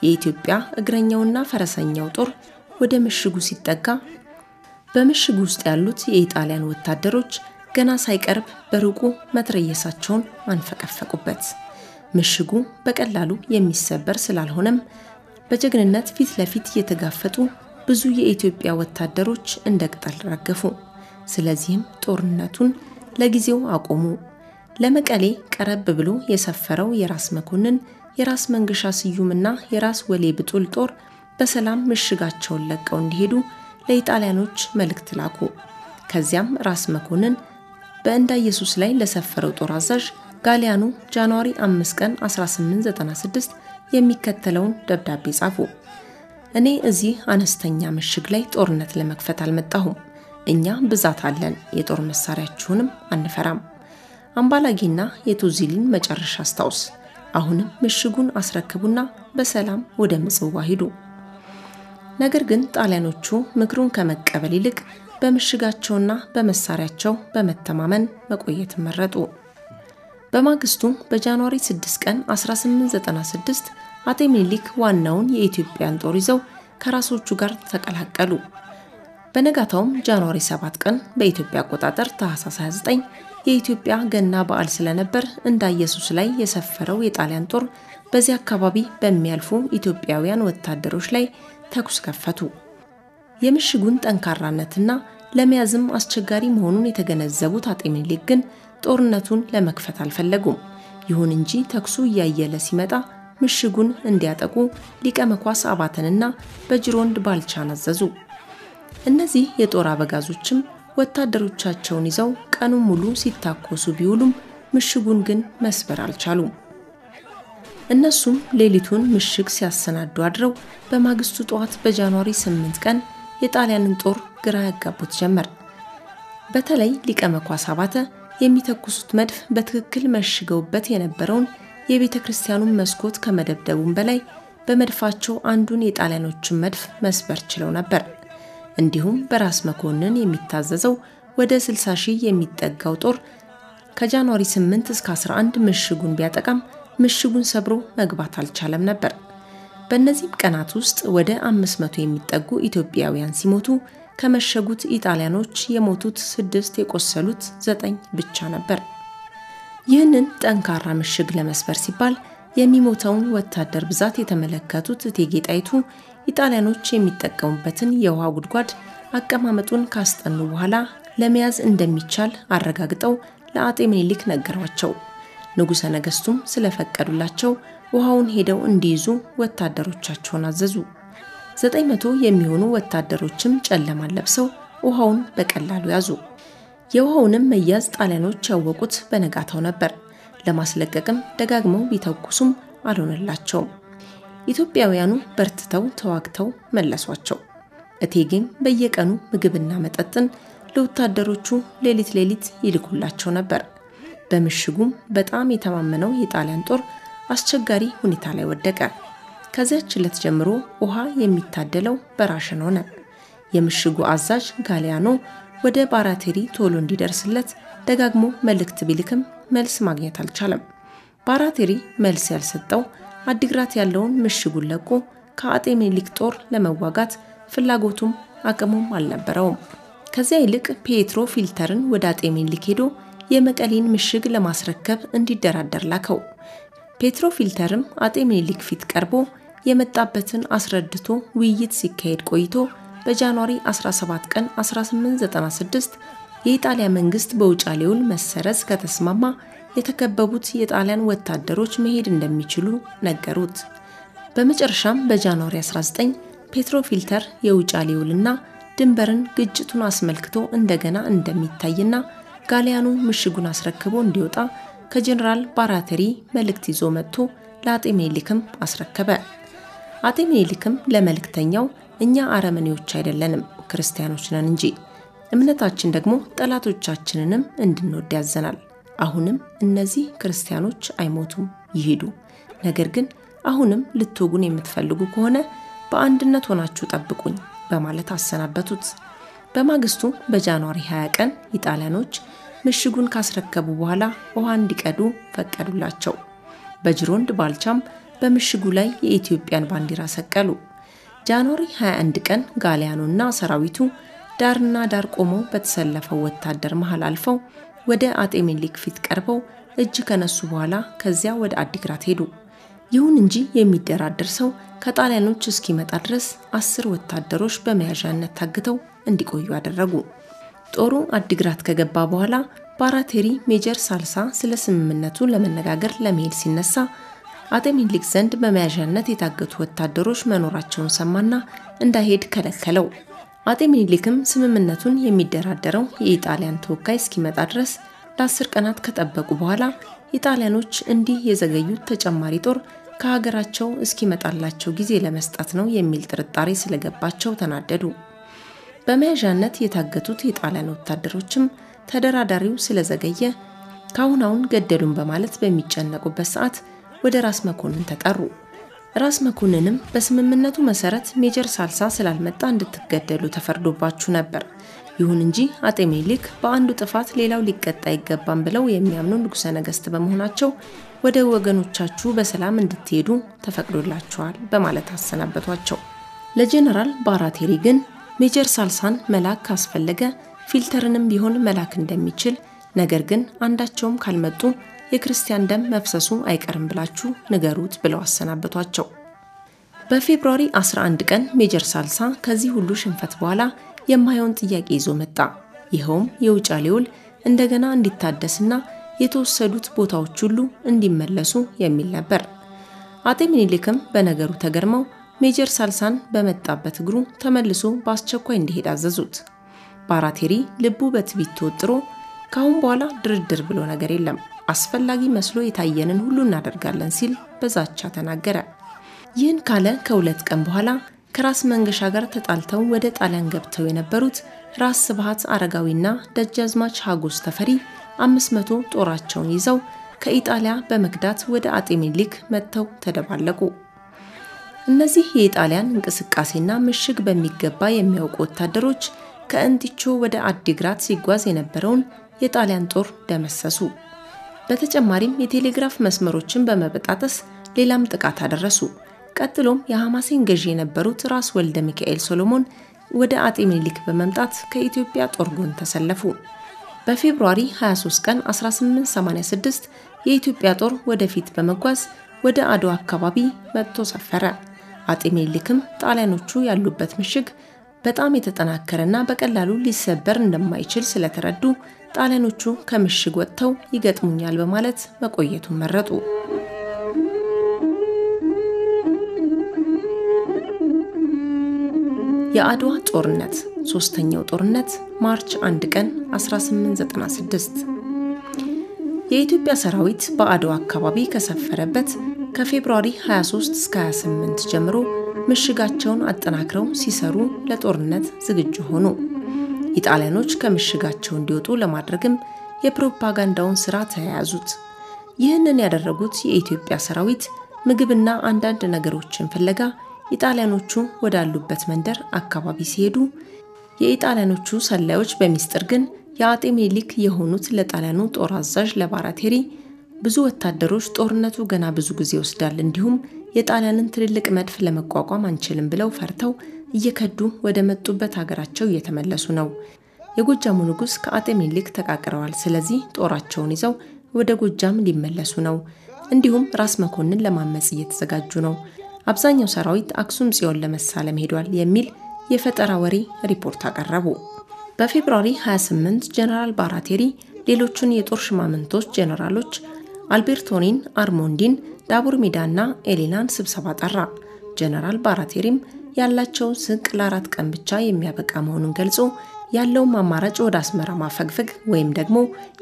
የኢትዮጵያ እግረኛውና ፈረሰኛው ጦር ወደ ምሽጉ ሲጠጋ በምሽግ ውስጥ ያሉት የኢጣሊያን ወታደሮች ገና ሳይቀርብ በሩቁ መትረየሳቸውን አንፈቀፈቁበት። ምሽጉ በቀላሉ የሚሰበር ስላልሆነም በጀግንነት ፊት ለፊት የተጋፈጡ ብዙ የኢትዮጵያ ወታደሮች እንደ ቅጠል ረገፉ። ስለዚህም ጦርነቱን ለጊዜው አቆሙ። ለመቀሌ ቀረብ ብሎ የሰፈረው የራስ መኮንን፣ የራስ መንገሻ ስዩምና የራስ ወሌ ብጡል ጦር በሰላም ምሽጋቸውን ለቀው እንዲሄዱ ለኢጣሊያኖች መልእክት ላኩ። ከዚያም ራስ መኮንን በእንዳ ኢየሱስ ላይ ለሰፈረው ጦር አዛዥ ጋሊያኑ ጃንዋሪ 5 ቀን 1896 የሚከተለውን ደብዳቤ ጻፉ። እኔ እዚህ አነስተኛ ምሽግ ላይ ጦርነት ለመክፈት አልመጣሁም። እኛ ብዛት አለን፣ የጦር መሳሪያችሁንም አንፈራም። አምባላጌና የቱዚሊን መጨረሻ አስታውስ። አሁንም ምሽጉን አስረክቡና በሰላም ወደ ምጽዋ ሂዱ። ነገር ግን ጣሊያኖቹ ምክሩን ከመቀበል ይልቅ በምሽጋቸውና በመሳሪያቸው በመተማመን መቆየት መረጡ። በማግስቱ በጃንዋሪ 6 ቀን 1896 አጤ ምኒልክ ዋናውን የኢትዮጵያን ጦር ይዘው ከራሶቹ ጋር ተቀላቀሉ። በነጋታውም ጃንዋሪ 7 ቀን በኢትዮጵያ አቆጣጠር ታህሳስ 29 የኢትዮጵያ ገና በዓል ስለነበር እንዳ ኢየሱስ ላይ የሰፈረው የጣሊያን ጦር በዚህ አካባቢ በሚያልፉ ኢትዮጵያውያን ወታደሮች ላይ ተኩስ ከፈቱ። የምሽጉን ጠንካራነትና ለመያዝም አስቸጋሪ መሆኑን የተገነዘቡት አጤ ምኒልክ ግን ጦርነቱን ለመክፈት አልፈለጉም። ይሁን እንጂ ተኩሱ እያየለ ሲመጣ ምሽጉን እንዲያጠቁ ሊቀ መኳስ አባተንና በጅሮንድ ባልቻን አዘዙ። እነዚህ የጦር አበጋዞችም ወታደሮቻቸውን ይዘው ቀኑን ሙሉ ሲታኮሱ ቢውሉም ምሽጉን ግን መስበር አልቻሉም። እነሱም ሌሊቱን ምሽግ ሲያሰናዱ አድረው በማግስቱ ጠዋት በጃንዋሪ 8 ቀን የጣሊያንን ጦር ግራ ያጋቡት ጀመር። በተለይ ሊቀ መኳስ አባተ የሚተኩሱት መድፍ በትክክል መሽገውበት የነበረውን የቤተ ክርስቲያኑን መስኮት ከመደብደቡም በላይ በመድፋቸው አንዱን የጣሊያኖችን መድፍ መስበር ችለው ነበር። እንዲሁም በራስ መኮንን የሚታዘዘው ወደ 60 ሺህ የሚጠጋው ጦር ከጃንዋሪ 8 እስከ 11 ምሽጉን ቢያጠቃም ምሽጉን ሰብሮ መግባት አልቻለም ነበር። በእነዚህም ቀናት ውስጥ ወደ 500 የሚጠጉ ኢትዮጵያውያን ሲሞቱ ከመሸጉት ኢጣሊያኖች የሞቱት ስድስት የቆሰሉት ዘጠኝ ብቻ ነበር። ይህንን ጠንካራ ምሽግ ለመስበር ሲባል የሚሞተውን ወታደር ብዛት የተመለከቱት እቴጌ ጣይቱ ኢጣሊያኖች የሚጠቀሙበትን የውሃ ጉድጓድ አቀማመጡን ካስጠኑ በኋላ ለመያዝ እንደሚቻል አረጋግጠው ለአጤ ምኒልክ ነገሯቸው። ንጉሠ ነገሥቱም ስለፈቀዱላቸው ውሃውን ሄደው እንዲይዙ ወታደሮቻቸውን አዘዙ። ዘጠኝ መቶ የሚሆኑ ወታደሮችም ጨለማን ለብሰው ውሃውን በቀላሉ ያዙ። የውሃውንም መያዝ ጣሊያኖች ያወቁት በነጋታው ነበር። ለማስለቀቅም ደጋግመው ቢተኩሱም አልሆነላቸውም። ኢትዮጵያውያኑ በርትተው ተዋግተው መለሷቸው። እቴጌም በየቀኑ ምግብና መጠጥን ለወታደሮቹ ሌሊት ሌሊት ይልኩላቸው ነበር። በምሽጉም በጣም የተማመነው የጣሊያን ጦር አስቸጋሪ ሁኔታ ላይ ወደቀ። ከዚያች ዕለት ጀምሮ ውሃ የሚታደለው በራሽን ሆነ። የምሽጉ አዛዥ ጋሊያኖ ወደ ባራቴሪ ቶሎ እንዲደርስለት ደጋግሞ መልእክት ቢልክም መልስ ማግኘት አልቻለም። ባራቴሪ መልስ ያልሰጠው አዲግራት ያለውን ምሽጉን ለቆ ከአጤ ምኒልክ ጦር ለመዋጋት ፍላጎቱም አቅሙም አልነበረውም። ከዚያ ይልቅ ፔትሮ ፊልተርን ወደ አጤ ምኒልክ ሄዶ የመቀሌን ምሽግ ለማስረከብ እንዲደራደር ላከው። ፔትሮ ፊልተርም አጤ ምኒልክ ፊት ቀርቦ የመጣበትን አስረድቶ ውይይት ሲካሄድ ቆይቶ በጃንዋሪ 17 ቀን 1896 የኢጣሊያ መንግስት በውጫሌ ውል መሰረዝ ከተስማማ የተከበቡት የጣሊያን ወታደሮች መሄድ እንደሚችሉ ነገሩት። በመጨረሻም በጃንዋሪ 19 ፔትሮ ፊልተር የውጫሌ ውልና ድንበርን ግጭቱን አስመልክቶ እንደገና እንደሚታይና ጋሊያኑ ምሽጉን አስረክቦ እንዲወጣ ከጀኔራል ባራተሪ መልእክት ይዞ መጥቶ ለአጤ ምኒልክም አስረከበ። አጤ ምኒልክም ለመልእክተኛው እኛ አረመኔዎች አይደለንም ክርስቲያኖች ነን እንጂ እምነታችን ደግሞ ጠላቶቻችንንም እንድንወድ ያዘናል። አሁንም እነዚህ ክርስቲያኖች አይሞቱም ይሄዱ። ነገር ግን አሁንም ልትወጉን የምትፈልጉ ከሆነ በአንድነት ሆናችሁ ጠብቁኝ በማለት አሰናበቱት። በማግስቱ በጃንዋሪ 20 ቀን ኢጣሊያኖች ምሽጉን ካስረከቡ በኋላ ውሃ እንዲቀዱ ፈቀዱላቸው። በጅሮንድ ባልቻም በምሽጉ ላይ የኢትዮጵያን ባንዲራ ሰቀሉ። ጃንዋሪ 21 ቀን ጋሊያኖና ሰራዊቱ ዳርና ዳር ቆመው በተሰለፈው ወታደር መሃል አልፈው ወደ አጤ ምኒልክ ፊት ቀርበው እጅ ከነሱ በኋላ ከዚያ ወደ አዲግራት ሄዱ። ይሁን እንጂ የሚደራደር ሰው ከጣሊያኖች እስኪመጣ ድረስ አስር ወታደሮች በመያዣነት ታግተው እንዲቆዩ አደረጉ። ጦሩ አዲግራት ከገባ በኋላ ባራቴሪ ሜጀር ሳልሳ ስለ ስምምነቱ ለመነጋገር ለመሄድ ሲነሳ አጤ ሚኒሊክ ዘንድ በመያዣነት የታገቱ ወታደሮች መኖራቸውን ሰማና እንዳይሄድ ከለከለው። አጤ ሚኒሊክም ስምምነቱን የሚደራደረው የኢጣሊያን ተወካይ እስኪመጣ ድረስ ለአስር ቀናት ከጠበቁ በኋላ ኢጣሊያኖች እንዲህ የዘገዩት ተጨማሪ ጦር ከሀገራቸው እስኪመጣላቸው ጊዜ ለመስጠት ነው የሚል ጥርጣሬ ስለገባቸው ተናደዱ። በመያዣነት የታገቱት የጣሊያን ወታደሮችም ተደራዳሪው ስለዘገየ ካሁን አሁን ገደሉን በማለት በሚጨነቁበት ሰዓት ወደ ራስ መኮንን ተጠሩ። ራስ መኮንንም በስምምነቱ መሰረት ሜጀር ሳልሳ ስላልመጣ እንድትገደሉ ተፈርዶባችሁ ነበር። ይሁን እንጂ አጤ ምኒልክ በአንዱ ጥፋት ሌላው ሊቀጣ አይገባም ብለው የሚያምኑ ንጉሠ ነገሥት በመሆናቸው ወደ ወገኖቻችሁ በሰላም እንድትሄዱ ተፈቅዶላችኋል በማለት አሰናበቷቸው። ለጀነራል ባራቴሪ ግን ሜጀር ሳልሳን መላክ ካስፈለገ ፊልተርንም ቢሆን መላክ እንደሚችል ነገር ግን አንዳቸውም ካልመጡ የክርስቲያን ደም መፍሰሱ አይቀርም ብላችሁ ንገሩት ብለው አሰናበቷቸው። በፌብሯሪ 11 ቀን ሜጀር ሳልሳ ከዚህ ሁሉ ሽንፈት በኋላ የማየውን ጥያቄ ይዞ መጣ። ይኸውም የውጫሌ ውል እንደገና እንዲታደስና የተወሰዱት ቦታዎች ሁሉ እንዲመለሱ የሚል ነበር። አጤ ምኒልክም በነገሩ ተገርመው ሜጀር ሳልሳን በመጣበት እግሩ ተመልሶ በአስቸኳይ እንዲሄድ አዘዙት። ባራቴሪ ልቡ በትቢት ተወጥሮ ከአሁን በኋላ ድርድር ብሎ ነገር የለም፣ አስፈላጊ መስሎ የታየንን ሁሉ እናደርጋለን ሲል በዛቻ ተናገረ። ይህን ካለ ከሁለት ቀን በኋላ ከራስ መንገሻ ጋር ተጣልተው ወደ ጣሊያን ገብተው የነበሩት ራስ ስብሃት አረጋዊና ደጃዝማች ሀጎስ ተፈሪ 500 ጦራቸውን ይዘው ከኢጣሊያ በመክዳት ወደ አጤ ምኒልክ መጥተው ተደባለቁ። እነዚህ የኢጣሊያን እንቅስቃሴና ምሽግ በሚገባ የሚያውቁ ወታደሮች ከእንቲቾ ወደ አዲግራት ሲጓዝ የነበረውን የጣሊያን ጦር ደመሰሱ። በተጨማሪም የቴሌግራፍ መስመሮችን በመበጣጠስ ሌላም ጥቃት አደረሱ። ቀጥሎም የሐማሴን ገዢ የነበሩት ራስ ወልደ ሚካኤል ሶሎሞን ወደ አጤ ምኒልክ በመምጣት ከኢትዮጵያ ጦር ጎን ተሰለፉ። በፌብሩዋሪ 23 ቀን 1886 የኢትዮጵያ ጦር ወደፊት በመጓዝ ወደ አድዋ አካባቢ መጥቶ ሰፈረ። አጤ ምኒልክም ጣሊያኖቹ ያሉበት ምሽግ በጣም የተጠናከረና በቀላሉ ሊሰበር እንደማይችል ስለተረዱ ጣሊያኖቹ ከምሽግ ወጥተው ይገጥሙኛል በማለት መቆየቱን መረጡ። የአድዋ ጦርነት ሶስተኛው ጦርነት ማርች 1 ቀን 1896 የኢትዮጵያ ሰራዊት በአድዋ አካባቢ ከሰፈረበት ከፌብሯሪ 23 እስከ 28 ጀምሮ ምሽጋቸውን አጠናክረው ሲሰሩ ለጦርነት ዝግጁ ሆኑ። ኢጣሊያኖች ከምሽጋቸው እንዲወጡ ለማድረግም የፕሮፓጋንዳውን ስራ ተያያዙት። ይህንን ያደረጉት የኢትዮጵያ ሰራዊት ምግብና አንዳንድ ነገሮችን ፍለጋ ኢጣሊያኖቹ ወዳሉበት መንደር አካባቢ ሲሄዱ የኢጣሊያኖቹ ሰላዮች በሚስጥር ግን የአጤ ምኒልክ የሆኑት ለጣሊያኑ ጦር አዛዥ ለባራቴሪ ብዙ ወታደሮች ጦርነቱ ገና ብዙ ጊዜ ይወስዳል፣ እንዲሁም የጣሊያንን ትልልቅ መድፍ ለመቋቋም አንችልም ብለው ፈርተው እየከዱ ወደ መጡበት ሀገራቸው እየተመለሱ ነው። የጎጃሙ ንጉሥ ከአጤ ምኒልክ ተቃቅረዋል። ስለዚህ ጦራቸውን ይዘው ወደ ጎጃም ሊመለሱ ነው። እንዲሁም ራስ መኮንን ለማመፅ እየተዘጋጁ ነው። አብዛኛው ሰራዊት አክሱም ጽዮን ለመሳለም ሄዷል የሚል የፈጠራ ወሬ ሪፖርት አቀረቡ። በፌብሯሪ 28 ጀነራል ባራቴሪ ሌሎቹን የጦር ሽማምንቶች ጀነራሎች አልቤርቶኒን፣ አርሞንዲን፣ ዳቡር ሚዳና ኤሌናን ስብሰባ ጠራ። ጀነራል ባራቴሪም ያላቸው ስንቅ ለአራት ቀን ብቻ የሚያበቃ መሆኑን ገልጾ ያለውም አማራጭ ወደ አስመራ ማፈግፈግ ወይም ደግሞ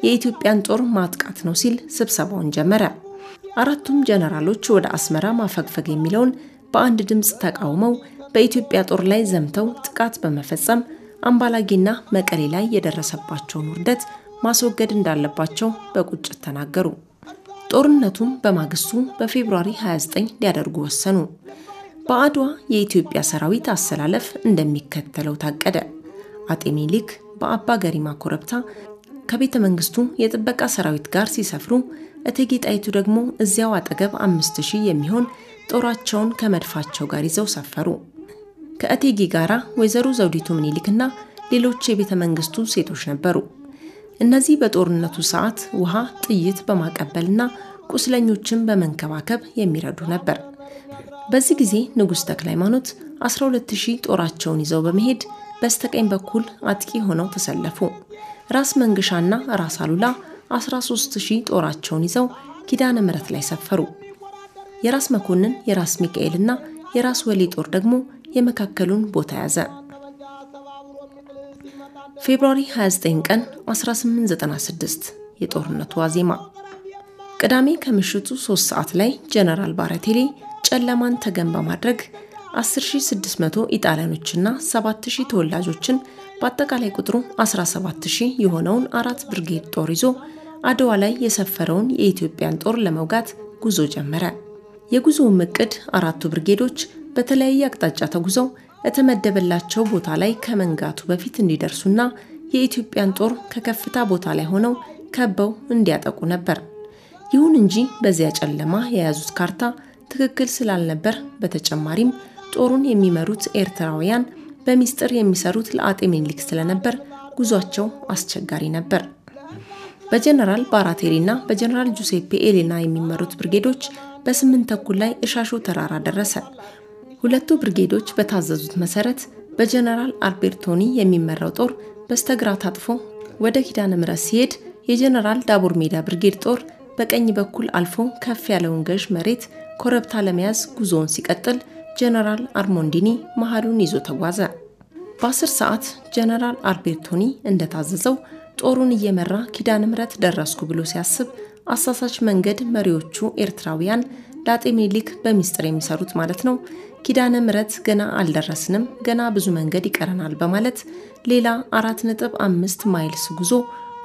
የኢትዮጵያን ጦር ማጥቃት ነው ሲል ስብሰባውን ጀመረ። አራቱም ጀነራሎች ወደ አስመራ ማፈግፈግ የሚለውን በአንድ ድምፅ ተቃውመው በኢትዮጵያ ጦር ላይ ዘምተው ጥቃት በመፈጸም አምባላጌና መቀሌ ላይ የደረሰባቸውን ውርደት ማስወገድ እንዳለባቸው በቁጭት ተናገሩ። ጦርነቱን በማግስቱ በፌብሯሪ 29 ሊያደርጉ ወሰኑ። በአድዋ የኢትዮጵያ ሰራዊት አሰላለፍ እንደሚከተለው ታቀደ። አጤ ሚኒሊክ በአባ ገሪማ ኮረብታ ከቤተ መንግስቱ የጥበቃ ሰራዊት ጋር ሲሰፍሩ፣ እቴጌ ጣይቱ ደግሞ እዚያው አጠገብ አምስት ሺህ የሚሆን ጦራቸውን ከመድፋቸው ጋር ይዘው ሰፈሩ። ከእቴጌ ጋራ ወይዘሮ ዘውዲቱ ምኒልክና ሌሎች የቤተ መንግስቱ ሴቶች ነበሩ። እነዚህ በጦርነቱ ሰዓት ውሃ፣ ጥይት በማቀበልና ቁስለኞችን በመንከባከብ የሚረዱ ነበር። በዚህ ጊዜ ንጉሥ ተክለ ሃይማኖት 12000 ጦራቸውን ይዘው በመሄድ በስተቀኝ በኩል አጥቂ ሆነው ተሰለፉ። ራስ መንገሻና ራስ አሉላ 13000 ጦራቸውን ይዘው ኪዳነ ምሕረት ላይ ሰፈሩ። የራስ መኮንን፣ የራስ ሚካኤልና የራስ ወሌ ጦር ደግሞ የመካከሉን ቦታ ያዘ። ፌብርዋሪ 29 ቀን 1896 የጦርነቱ ዋዜማ ቅዳሜ ከምሽቱ 3 ሰዓት ላይ ጀነራል ባረቴሌ ጨለማን ተገን በማድረግ 10600 ኢጣሊያኖችና 7000 ተወላጆችን በአጠቃላይ ቁጥሩ 17000 የሆነውን አራት ብርጌድ ጦር ይዞ አድዋ ላይ የሰፈረውን የኢትዮጵያን ጦር ለመውጋት ጉዞ ጀመረ። የጉዞውም እቅድ አራቱ ብርጌዶች በተለያየ አቅጣጫ ተጉዘው የተመደበላቸው ቦታ ላይ ከመንጋቱ በፊት እንዲደርሱና የኢትዮጵያን ጦር ከከፍታ ቦታ ላይ ሆነው ከበው እንዲያጠቁ ነበር። ይሁን እንጂ በዚያ ጨለማ የያዙት ካርታ ትክክል ስላልነበር በተጨማሪም ጦሩን የሚመሩት ኤርትራውያን በሚስጥር የሚሰሩት ለአጤ ምኒልክ ስለነበር ጉዟቸው አስቸጋሪ ነበር። በጀነራል እና በጀነራል ጁሴፔ ኤሌና የሚመሩት ብርጌዶች በስምንት ተኩል ላይ እሻሹ ተራራ ደረሰ። ሁለቱ ብርጌዶች በታዘዙት መሰረት በጀነራል አልቤርቶኒ የሚመራው ጦር በስተግራ ታጥፎ ወደ ኪዳነ ምሕረት ሲሄድ የጀነራል ዳቡር ሜዳ ብርጌድ ጦር በቀኝ በኩል አልፎ ከፍ ያለውን ገዥ መሬት ኮረብታ ለመያዝ ጉዞውን ሲቀጥል ጀነራል አርሞንዲኒ መሃሉን ይዞ ተጓዘ። በ10 ሰዓት ጀነራል አልቤርቶኒ እንደታዘዘው ጦሩን እየመራ ኪዳነ ምረት ደረስኩ ብሎ ሲያስብ አሳሳች መንገድ መሪዎቹ ኤርትራውያን ለአጤ ምኒልክ በሚስጥር የሚሰሩት ማለት ነው። ኪዳነ ምረት ገና አልደረስንም፣ ገና ብዙ መንገድ ይቀረናል በማለት ሌላ 4.5 ማይልስ ጉዞ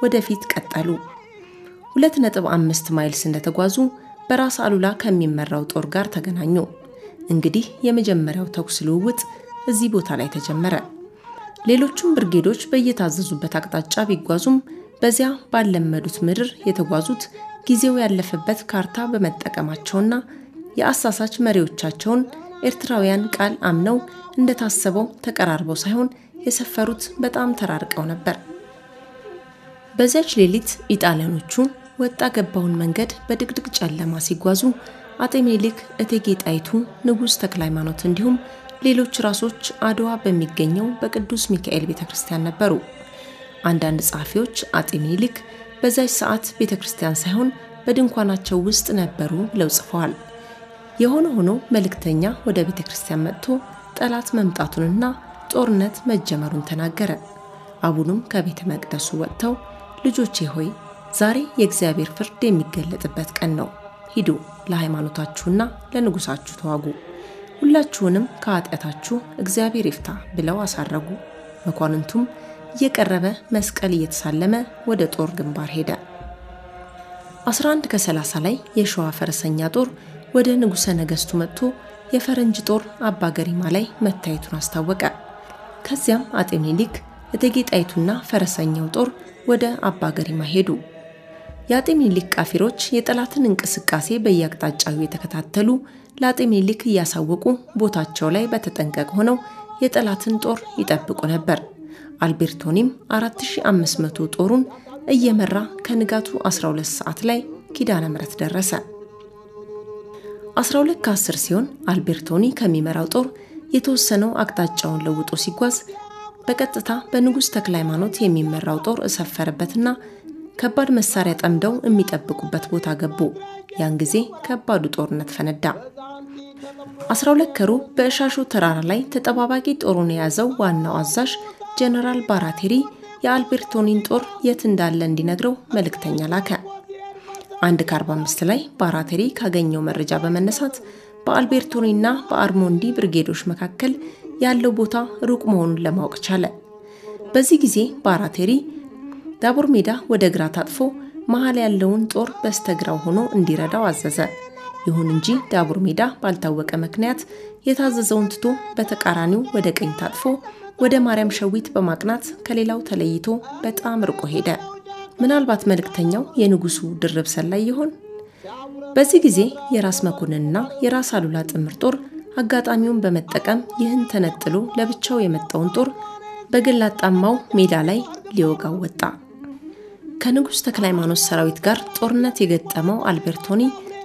ወደፊት ቀጠሉ። 2.5 ማይልስ እንደተጓዙ በራስ አሉላ ከሚመራው ጦር ጋር ተገናኙ። እንግዲህ የመጀመሪያው ተኩስ ልውውጥ እዚህ ቦታ ላይ ተጀመረ። ሌሎቹም ብርጌዶች በየታዘዙበት አቅጣጫ ቢጓዙም በዚያ ባልለመዱት ምድር የተጓዙት ጊዜው ያለፈበት ካርታ በመጠቀማቸውና የአሳሳች መሪዎቻቸውን ኤርትራውያን ቃል አምነው እንደታሰበው ተቀራርበው ሳይሆን የሰፈሩት በጣም ተራርቀው ነበር። በዚያች ሌሊት ኢጣሊያኖቹ ወጣ ገባውን መንገድ በድቅድቅ ጨለማ ሲጓዙ አጤ ምኒልክ፣ እቴጌ ጣይቱ፣ ንጉሥ ተክለ ሃይማኖት እንዲሁም ሌሎች ራሶች አድዋ በሚገኘው በቅዱስ ሚካኤል ቤተ ክርስቲያን ነበሩ። አንዳንድ ጸሐፊዎች አጤ ምኒልክ በዛች ሰዓት ቤተ ክርስቲያን ሳይሆን በድንኳናቸው ውስጥ ነበሩ ብለው ጽፈዋል። የሆነ ሆኖ መልእክተኛ ወደ ቤተ ክርስቲያን መጥቶ ጠላት መምጣቱንና ጦርነት መጀመሩን ተናገረ። አቡኑም ከቤተ መቅደሱ ወጥተው ልጆቼ ሆይ ዛሬ የእግዚአብሔር ፍርድ የሚገለጥበት ቀን ነው፣ ሂዱ ለሃይማኖታችሁና ለንጉሳችሁ ተዋጉ፣ ሁላችሁንም ከኃጢአታችሁ እግዚአብሔር ይፍታ ብለው አሳረጉ። መኳንንቱም የቀረበ መስቀል እየተሳለመ ወደ ጦር ግንባር ሄደ። 11 ከ30 ላይ የሸዋ ፈረሰኛ ጦር ወደ ንጉሠ ነገሥቱ መጥቶ የፈረንጅ ጦር አባ ገሪማ ላይ መታየቱን አስታወቀ። ከዚያም አጤ ምኒልክ እቴጌ ጣይቱና ፈረሰኛው ጦር ወደ አባ ገሪማ ሄዱ። የአጤ ምኒልክ ቃፊሮች የጠላትን እንቅስቃሴ በየአቅጣጫው የተከታተሉ ለአጤ ምኒልክ እያሳወቁ ቦታቸው ላይ በተጠንቀቅ ሆነው የጠላትን ጦር ይጠብቁ ነበር። አልቤርቶኒም 4500 ጦሩን እየመራ ከንጋቱ 12 ሰዓት ላይ ኪዳነ ምረት ደረሰ። 12 ከ10 ሲሆን አልቤርቶኒ ከሚመራው ጦር የተወሰነው አቅጣጫውን ለውጦ ሲጓዝ በቀጥታ በንጉሥ ተክለ ሃይማኖት የሚመራው ጦር እሰፈረበትና ከባድ መሳሪያ ጠምደው የሚጠብቁበት ቦታ ገቡ። ያን ጊዜ ከባዱ ጦርነት ፈነዳ። 12 ከሩ በእሻሹ ተራራ ላይ ተጠባባቂ ጦሩን የያዘው ዋናው አዛዥ ጀነራል ባራቴሪ የአልቤርቶኒን ጦር የት እንዳለ እንዲነግረው መልእክተኛ ላከ። አንድ ከ45 ላይ ባራቴሪ ካገኘው መረጃ በመነሳት በአልቤርቶኒና በአርሞንዲ ብርጌዶች መካከል ያለው ቦታ ሩቅ መሆኑን ለማወቅ ቻለ። በዚህ ጊዜ ባራቴሪ ዳቦር ሜዳ ወደ ግራ ታጥፎ መሀል ያለውን ጦር በስተግራው ሆኖ እንዲረዳው አዘዘ። ይሁን እንጂ ዳቡር ሜዳ ባልታወቀ ምክንያት የታዘዘውን ትቶ በተቃራኒው ወደ ቀኝ ታጥፎ ወደ ማርያም ሸዊት በማቅናት ከሌላው ተለይቶ በጣም ርቆ ሄደ። ምናልባት መልእክተኛው የንጉሱ ድርብ ሰላይ ይሆን? በዚህ ጊዜ የራስ መኮንንና የራስ አሉላ ጥምር ጦር አጋጣሚውን በመጠቀም ይህን ተነጥሎ ለብቻው የመጣውን ጦር በገላጣማው ሜዳ ላይ ሊወጋው ወጣ። ከንጉሥ ተክለ ሃይማኖት ሰራዊት ጋር ጦርነት የገጠመው አልቤርቶኒ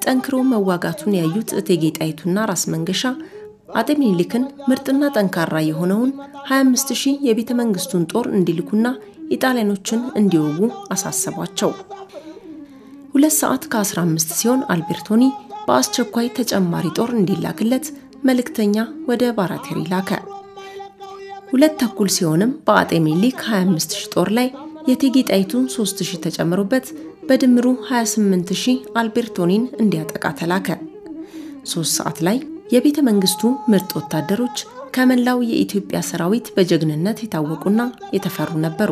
ጠንክሮ መዋጋቱን ያዩት እቴጌ ጣይቱና ራስ መንገሻ አጤ ሚኒሊክን ምርጥና ጠንካራ የሆነውን 25000 የቤተ መንግስቱን ጦር እንዲልኩና ኢጣሊያኖችን እንዲወጉ አሳሰቧቸው። ሁለት ሰዓት ከ15 ሲሆን አልቤርቶኒ በአስቸኳይ ተጨማሪ ጦር እንዲላክለት መልእክተኛ ወደ ባራቴሪ ላከ። ሁለት ተኩል ሲሆንም በአጤ ሚኒሊክ 25000 ጦር ላይ የቴጌ ጣይቱ 3000 ተጨምሮበት በድምሩ 28000 አልቤርቶኒን እንዲያጠቃ ተላከ። ሶስት ሰዓት ላይ የቤተ መንግስቱ ምርጥ ወታደሮች ከመላው የኢትዮጵያ ሰራዊት በጀግንነት የታወቁና የተፈሩ ነበሩ።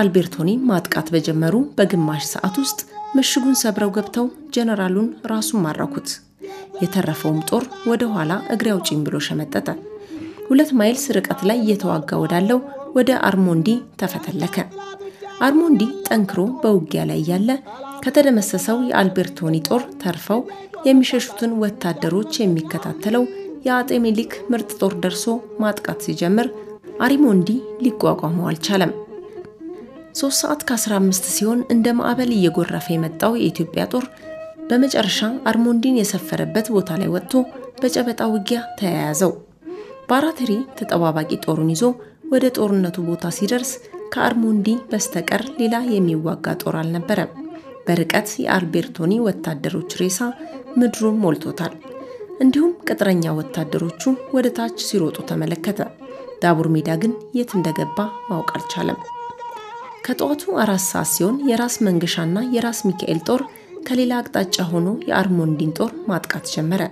አልቤርቶኒ ማጥቃት በጀመሩ በግማሽ ሰዓት ውስጥ ምሽጉን ሰብረው ገብተው ጀነራሉን ራሱን ማረኩት። የተረፈውም ጦር ወደ ኋላ እግሬ አውጪኝ ብሎ ሸመጠጠ። ሁለት ማይልስ ርቀት ላይ እየተዋጋ ወዳለው ወደ አርሞንዲ ተፈተለከ። አርሞንዲ ጠንክሮ በውጊያ ላይ እያለ ከተደመሰሰው የአልቤርቶኒ ጦር ተርፈው የሚሸሹትን ወታደሮች የሚከታተለው የአጤ ምኒልክ ምርጥ ጦር ደርሶ ማጥቃት ሲጀምር አሪሞንዲ ሊቋቋመው አልቻለም። ሶስት ሰዓት ከ15 ሲሆን እንደ ማዕበል እየጎረፈ የመጣው የኢትዮጵያ ጦር በመጨረሻ አርሞንዲን የሰፈረበት ቦታ ላይ ወጥቶ በጨበጣ ውጊያ ተያያዘው። ባራተሪ ተጠባባቂ ጦሩን ይዞ ወደ ጦርነቱ ቦታ ሲደርስ ከአርሞንዲ በስተቀር ሌላ የሚዋጋ ጦር አልነበረም። በርቀት የአልቤርቶኒ ወታደሮች ሬሳ ምድሩን ሞልቶታል። እንዲሁም ቅጥረኛ ወታደሮቹ ወደ ታች ሲሮጡ ተመለከተ። ዳቡር ሜዳ ግን የት እንደገባ ማወቅ አልቻለም። ከጠዋቱ አራት ሰዓት ሲሆን የራስ መንገሻና የራስ ሚካኤል ጦር ከሌላ አቅጣጫ ሆኖ የአርሞንዲን ጦር ማጥቃት ጀመረ።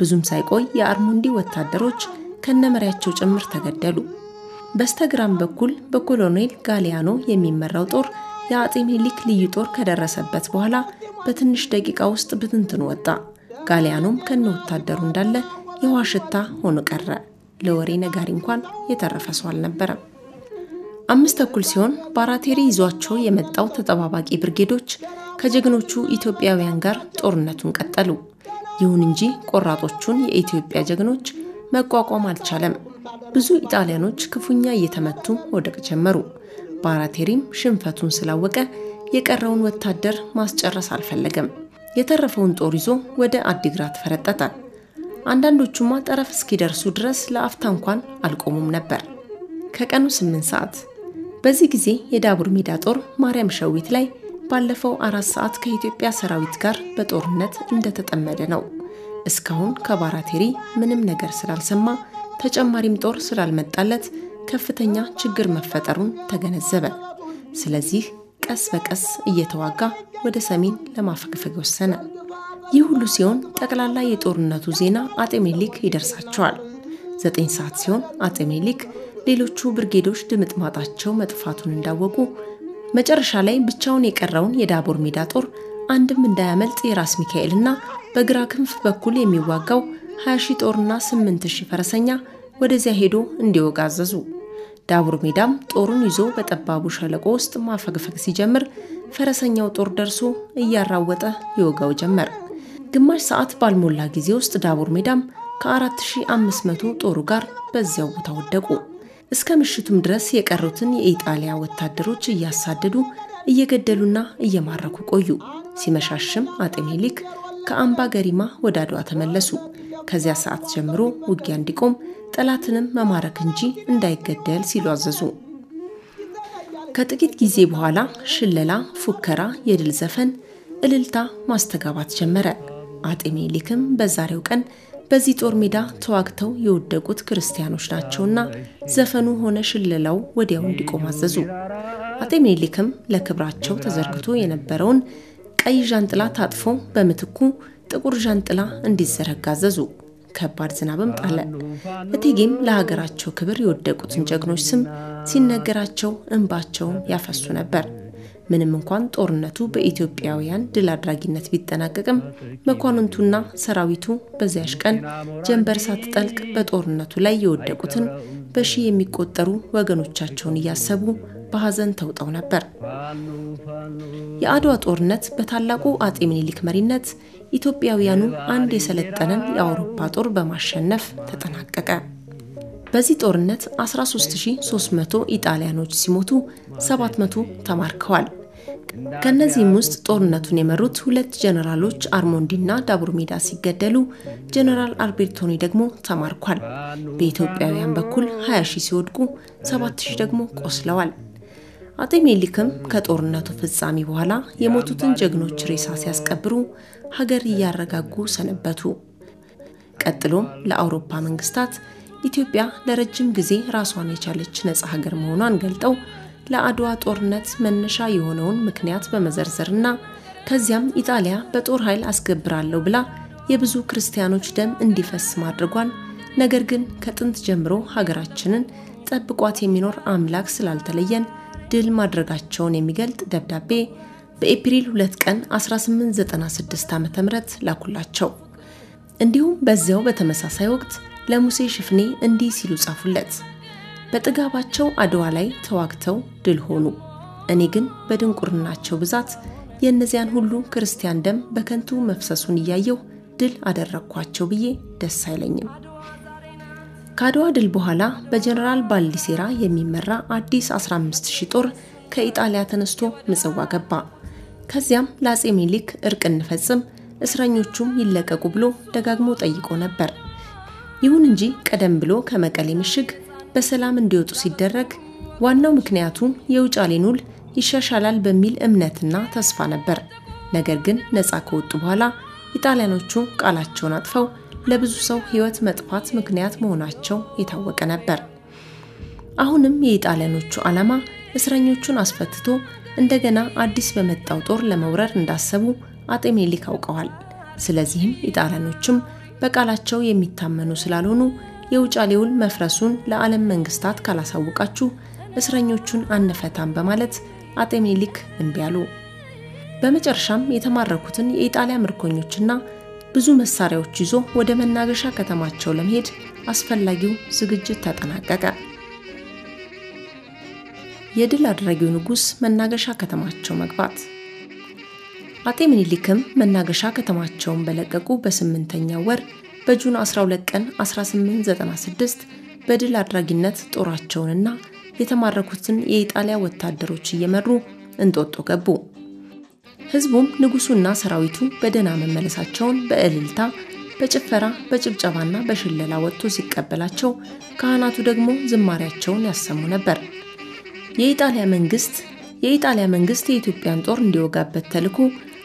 ብዙም ሳይቆይ የአርሞንዲ ወታደሮች ከነመሪያቸው ጭምር ተገደሉ። በስተግራም በኩል በኮሎኔል ጋሊያኖ የሚመራው ጦር የአጼ ምኒልክ ልዩ ጦር ከደረሰበት በኋላ በትንሽ ደቂቃ ውስጥ ብትንትን ወጣ። ጋሊያኖም ከነ ወታደሩ እንዳለ የውሃ ሽታ ሆኖ ቀረ። ለወሬ ነጋሪ እንኳን የተረፈ ሰው አልነበረም። አምስት ተኩል ሲሆን ባራቴሪ ይዟቸው የመጣው ተጠባባቂ ብርጌዶች ከጀግኖቹ ኢትዮጵያውያን ጋር ጦርነቱን ቀጠሉ። ይሁን እንጂ ቆራጦቹን የኢትዮጵያ ጀግኖች መቋቋም አልቻለም። ብዙ ኢጣሊያኖች ክፉኛ እየተመቱ ወደቅ ጀመሩ። ባራቴሪም ሽንፈቱን ስላወቀ የቀረውን ወታደር ማስጨረስ አልፈለገም። የተረፈውን ጦር ይዞ ወደ አዲግራት ፈረጠጠ። አንዳንዶቹማ ጠረፍ እስኪደርሱ ድረስ ለአፍታ እንኳን አልቆሙም ነበር። ከቀኑ 8 ሰዓት በዚህ ጊዜ የዳቡር ሜዳ ጦር ማርያም ሸዊት ላይ ባለፈው አራት ሰዓት ከኢትዮጵያ ሰራዊት ጋር በጦርነት እንደተጠመደ ነው። እስካሁን ከባራቴሪ ምንም ነገር ስላልሰማ ተጨማሪም ጦር ስላልመጣለት ከፍተኛ ችግር መፈጠሩን ተገነዘበ። ስለዚህ ቀስ በቀስ እየተዋጋ ወደ ሰሜን ለማፈግፈግ ወሰነ። ይህ ሁሉ ሲሆን ጠቅላላ የጦርነቱ ዜና አጤ ምኒልክ ይደርሳቸዋል። ዘጠኝ ሰዓት ሲሆን አጤ ምኒልክ ሌሎቹ ብርጌዶች ድምጥማጣቸው መጥፋቱን እንዳወቁ መጨረሻ ላይ ብቻውን የቀረውን የዳቦር ሜዳ ጦር አንድም እንዳያመልጥ የራስ ሚካኤልና በግራ ክንፍ በኩል የሚዋጋው 20 ሺህ ጦርና 8 ሺህ ፈረሰኛ ወደዚያ ሄዶ እንዲወጋ አዘዙ። ዳቡር ሜዳም ጦሩን ይዞ በጠባቡ ሸለቆ ውስጥ ማፈግፈግ ሲጀምር ፈረሰኛው ጦር ደርሶ እያራወጠ ይወጋው ጀመር። ግማሽ ሰዓት ባልሞላ ጊዜ ውስጥ ዳቡር ሜዳም ከ4500 ጦሩ ጋር በዚያው ቦታ ወደቁ። እስከ ምሽቱም ድረስ የቀሩትን የኢጣሊያ ወታደሮች እያሳደዱ እየገደሉና እየማረኩ ቆዩ። ሲመሻሽም አጤ ምኒልክ ከአምባ ገሪማ ወደ አድዋ ተመለሱ። ከዚያ ሰዓት ጀምሮ ውጊያ እንዲቆም ጠላትንም መማረክ እንጂ እንዳይገደል ሲሉ አዘዙ። ከጥቂት ጊዜ በኋላ ሽለላ፣ ፉከራ፣ የድል ዘፈን፣ እልልታ ማስተጋባት ጀመረ። አጤ ምኒልክም በዛሬው ቀን በዚህ ጦር ሜዳ ተዋግተው የወደቁት ክርስቲያኖች ናቸውና ዘፈኑ ሆነ ሽለላው ወዲያው እንዲቆም አዘዙ። አጤ ምኒልክም ለክብራቸው ተዘርግቶ የነበረውን ቀይ ዣንጥላ ታጥፎ በምትኩ ጥቁር ዣንጥላ እንዲዘረጋ አዘዙ። ከባድ ዝናብም ጣለ። እቴጌም ለሀገራቸው ክብር የወደቁትን ጀግኖች ስም ሲነገራቸው እንባቸውን ያፈሱ ነበር። ምንም እንኳን ጦርነቱ በኢትዮጵያውያን ድል አድራጊነት ቢጠናቀቅም መኳንንቱና ሰራዊቱ በዚያሽ ቀን ጀንበር ሳትጠልቅ በጦርነቱ ላይ የወደቁትን በሺህ የሚቆጠሩ ወገኖቻቸውን እያሰቡ በሐዘን ተውጠው ነበር። የአድዋ ጦርነት በታላቁ አጤ ምኒልክ መሪነት ኢትዮጵያውያኑ አንድ የሰለጠነን የአውሮፓ ጦር በማሸነፍ ተጠናቀቀ። በዚህ ጦርነት 13300 ኢጣሊያኖች ሲሞቱ 700 ተማርከዋል። ከእነዚህም ውስጥ ጦርነቱን የመሩት ሁለት ጀነራሎች አርሞንዲና ዳቡር ሜዳ ሲገደሉ ጀነራል አልቤርቶኒ ደግሞ ተማርኳል። በኢትዮጵያውያን በኩል 20 ሺህ ሲወድቁ 7 ሺህ ደግሞ ቆስለዋል። አጤ ሜሊክም ከጦርነቱ ፍጻሜ በኋላ የሞቱትን ጀግኖች ሬሳ ሲያስቀብሩ ሀገር እያረጋጉ ሰነበቱ። ቀጥሎም ለአውሮፓ መንግስታት ኢትዮጵያ ለረጅም ጊዜ ራሷን የቻለች ነጻ ሀገር መሆኗን ገልጠው ለአድዋ ጦርነት መነሻ የሆነውን ምክንያት በመዘርዘርና ከዚያም ኢጣሊያ በጦር ኃይል አስገብራለሁ ብላ የብዙ ክርስቲያኖች ደም እንዲፈስ ማድርጓል። ነገር ግን ከጥንት ጀምሮ ሀገራችንን ጠብቋት የሚኖር አምላክ ስላልተለየን ድል ማድረጋቸውን የሚገልጥ ደብዳቤ በኤፕሪል 2 ቀን 1896 ዓ ም ላኩላቸው። እንዲሁም በዚያው በተመሳሳይ ወቅት ለሙሴ ሽፍኔ እንዲህ ሲሉ ጻፉለት። በጥጋባቸው አድዋ ላይ ተዋግተው ድል ሆኑ። እኔ ግን በድንቁርናቸው ብዛት የእነዚያን ሁሉ ክርስቲያን ደም በከንቱ መፍሰሱን እያየሁ ድል አደረግኳቸው ብዬ ደስ አይለኝም። ከአድዋ ድል በኋላ በጀነራል ባልዲሴራ የሚመራ አዲስ 15 ሺ ጦር ከኢጣሊያ ተነስቶ ምጽዋ ገባ። ከዚያም ለአጼ ሚኒሊክ እርቅ እንፈጽም እስረኞቹም ይለቀቁ ብሎ ደጋግሞ ጠይቆ ነበር። ይሁን እንጂ ቀደም ብሎ ከመቀሌ ምሽግ በሰላም እንዲወጡ ሲደረግ ዋናው ምክንያቱ የውጫሌን ውል ይሻሻላል በሚል እምነትና ተስፋ ነበር። ነገር ግን ነፃ ከወጡ በኋላ ኢጣሊያኖቹ ቃላቸውን አጥፈው ለብዙ ሰው ሕይወት መጥፋት ምክንያት መሆናቸው የታወቀ ነበር። አሁንም የኢጣሊያኖቹ ዓላማ እስረኞቹን አስፈትቶ እንደገና አዲስ በመጣው ጦር ለመውረር እንዳሰቡ አጤ ምኒልክ አውቀዋል። ስለዚህም ኢጣሊያኖችም በቃላቸው የሚታመኑ ስላልሆኑ የውጫሌውን መፍረሱን ለዓለም መንግስታት ካላሳወቃችሁ እስረኞቹን አንፈታም በማለት አጤ ምኒልክ እምቢ አሉ። በመጨረሻም የተማረኩትን የኢጣሊያ ምርኮኞችና ብዙ መሳሪያዎች ይዞ ወደ መናገሻ ከተማቸው ለመሄድ አስፈላጊው ዝግጅት ተጠናቀቀ። የድል አድራጊው ንጉሥ መናገሻ ከተማቸው መግባት አጤ ምኒልክም መናገሻ ከተማቸውን በለቀቁ በስምንተኛው ወር በጁን 12 ቀን 1896 በድል አድራጊነት ጦራቸውንና የተማረኩትን የኢጣሊያ ወታደሮች እየመሩ እንጦጦ ገቡ። ህዝቡም ንጉሱና ሰራዊቱ በደህና መመለሳቸውን በእልልታ በጭፈራ በጭብጨባና በሽለላ ወጥቶ ሲቀበላቸው፣ ካህናቱ ደግሞ ዝማሪያቸውን ያሰሙ ነበር። የኢጣሊያ መንግስት የኢጣሊያ መንግስት የኢትዮጵያን ጦር እንዲወጋበት ተልኮ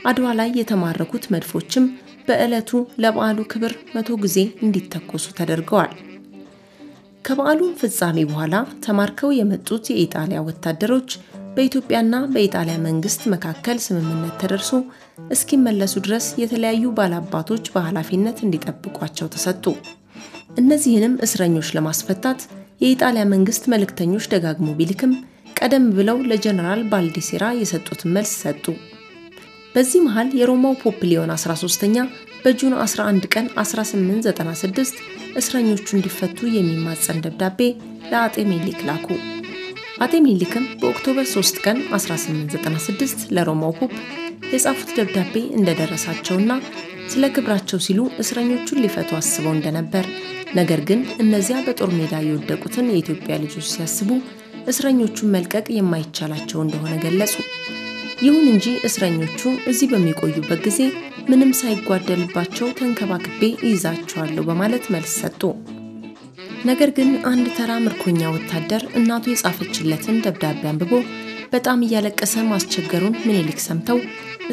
አድዋ ላይ የተማረኩት መድፎችም በዕለቱ ለበዓሉ ክብር መቶ ጊዜ እንዲተኮሱ ተደርገዋል። ከበዓሉም ፍጻሜ በኋላ ተማርከው የመጡት የኢጣሊያ ወታደሮች በኢትዮጵያና በኢጣሊያ መንግስት መካከል ስምምነት ተደርሶ እስኪመለሱ ድረስ የተለያዩ ባላባቶች በኃላፊነት እንዲጠብቋቸው ተሰጡ። እነዚህንም እስረኞች ለማስፈታት የኢጣሊያ መንግስት መልእክተኞች ደጋግሞ ቢልክም ቀደም ብለው ለጀነራል ባልዲሴራ የሰጡትን መልስ ሰጡ። በዚህ መሃል የሮማው ፖፕ ሊዮን 13ኛ በጁን 11 ቀን 1896 እስረኞቹ እንዲፈቱ የሚማጸን ደብዳቤ ለአጤ ሚኒሊክ ላኩ። አጤ ሚኒሊክም በኦክቶበር 3 ቀን 1896 ለሮማው ፖፕ የጻፉት ደብዳቤ እንደደረሳቸውና ስለ ክብራቸው ሲሉ እስረኞቹን ሊፈቱ አስበው እንደነበር፣ ነገር ግን እነዚያ በጦር ሜዳ የወደቁትን የኢትዮጵያ ልጆች ሲያስቡ እስረኞቹን መልቀቅ የማይቻላቸው እንደሆነ ገለጹ። ይሁን እንጂ እስረኞቹ እዚህ በሚቆዩበት ጊዜ ምንም ሳይጓደልባቸው ተንከባክቤ ይይዛቸዋለሁ በማለት መልስ ሰጡ። ነገር ግን አንድ ተራ ምርኮኛ ወታደር እናቱ የጻፈችለትን ደብዳቤ አንብቦ በጣም እያለቀሰ ማስቸገሩን ምኒልክ ሰምተው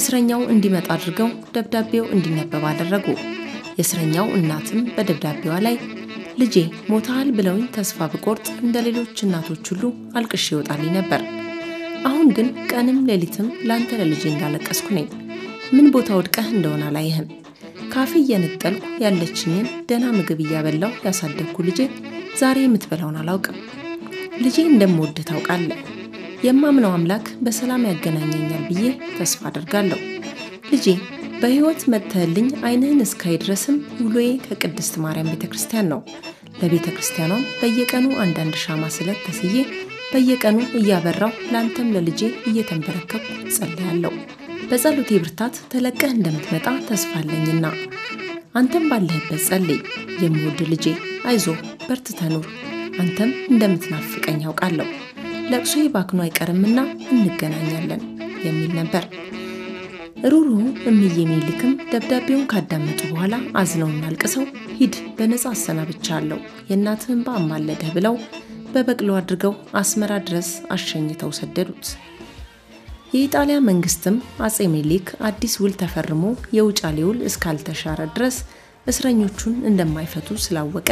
እስረኛው እንዲመጣ አድርገው ደብዳቤው እንዲነበብ አደረጉ። የእስረኛው እናትም በደብዳቤዋ ላይ ልጄ ሞታል ብለውኝ ተስፋ ብቆርጥ እንደ ሌሎች እናቶች ሁሉ አልቅሽ ይወጣልኝ ነበር አሁን ግን ቀንም ሌሊትም ለአንተ ለልጅ እንዳለቀስኩ ነኝ። ምን ቦታ ወድቀህ እንደሆነ አላይህም። ካፌ እየነጠልኩ ያለችኝን ደህና ምግብ እያበላው ያሳደግኩ ልጄ ዛሬ የምትበላውን አላውቅም። ልጄ እንደምወድህ ታውቃለህ። የማምነው አምላክ በሰላም ያገናኘኛል ብዬ ተስፋ አድርጋለሁ። ልጄ በሕይወት መጥተህልኝ ዓይንህን እስካይ ድረስም ውሎዬ ከቅድስት ማርያም ቤተ ክርስቲያን ነው። ለቤተ ክርስቲያኗም በየቀኑ አንዳንድ ሻማ ስለት ተስዬ በየቀኑ እያበራው ለአንተም ለልጄ እየተንበረከኩ ጸልያለሁ። በጸሎቴ ብርታት ተለቀህ እንደምትመጣ ተስፋለኝና አንተም ባለህበት ጸልይ። የምወድ ልጄ አይዞ በርትተኑር አንተም እንደምትናፍቀኝ ያውቃለሁ። ለቅሶ ባክኖ አይቀርምና እንገናኛለን የሚል ነበር። ሩሩ እምዬ ሚኒሊክም ደብዳቤውን ካዳመጡ በኋላ አዝነውና አልቅሰው ሂድ በነጻ አሰናብቻለሁ፣ የእናትህን በአማለደህ ብለው በበቅሎ አድርገው አስመራ ድረስ አሸኝተው ሰደዱት። የኢጣሊያ መንግስትም አጼ ምኒልክ አዲስ ውል ተፈርሞ የውጫሌ ውል እስካልተሻረ ድረስ እስረኞቹን እንደማይፈቱ ስላወቀ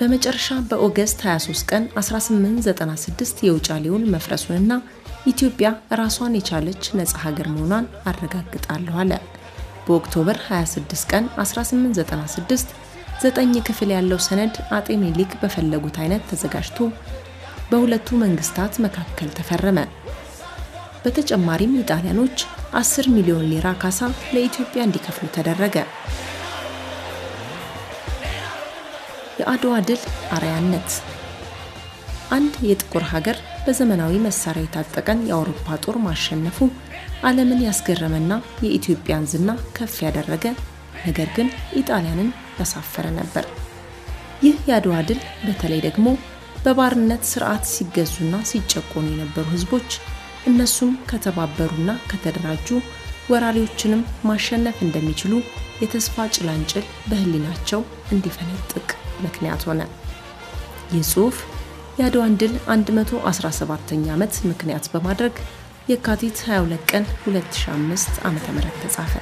በመጨረሻ በኦገስት 23 ቀን 1896 የውጫሌ ውል መፍረሱንና ኢትዮጵያ ራሷን የቻለች ነፃ ሀገር መሆኗን አረጋግጣለሁ አለ። በኦክቶበር 26 ቀን 1896 ዘጠኝ ክፍል ያለው ሰነድ አጤ ሚኒሊክ በፈለጉት አይነት ተዘጋጅቶ በሁለቱ መንግስታት መካከል ተፈረመ። በተጨማሪም ኢጣሊያኖች 10 ሚሊዮን ሊራ ካሳ ለኢትዮጵያ እንዲከፍሉ ተደረገ። የአድዋ ድል አርያነት አንድ የጥቁር ሀገር በዘመናዊ መሳሪያ የታጠቀን የአውሮፓ ጦር ማሸነፉ ዓለምን ያስገረመና የኢትዮጵያን ዝና ከፍ ያደረገ ነገር ግን ኢጣሊያንን ያሳፈረ ነበር። ይህ የአድዋ ድል በተለይ ደግሞ በባርነት ስርዓት ሲገዙና ሲጨቆኑ የነበሩ ህዝቦች እነሱም ከተባበሩና ከተደራጁ ወራሪዎችንም ማሸነፍ እንደሚችሉ የተስፋ ጭላንጭል በህሊናቸው እንዲፈነጥቅ ምክንያት ሆነ። ይህ ጽሑፍ የአድዋን ድል 117ኛ ዓመት ምክንያት በማድረግ የካቲት 22 ቀን 2005 ም ተጻፈ።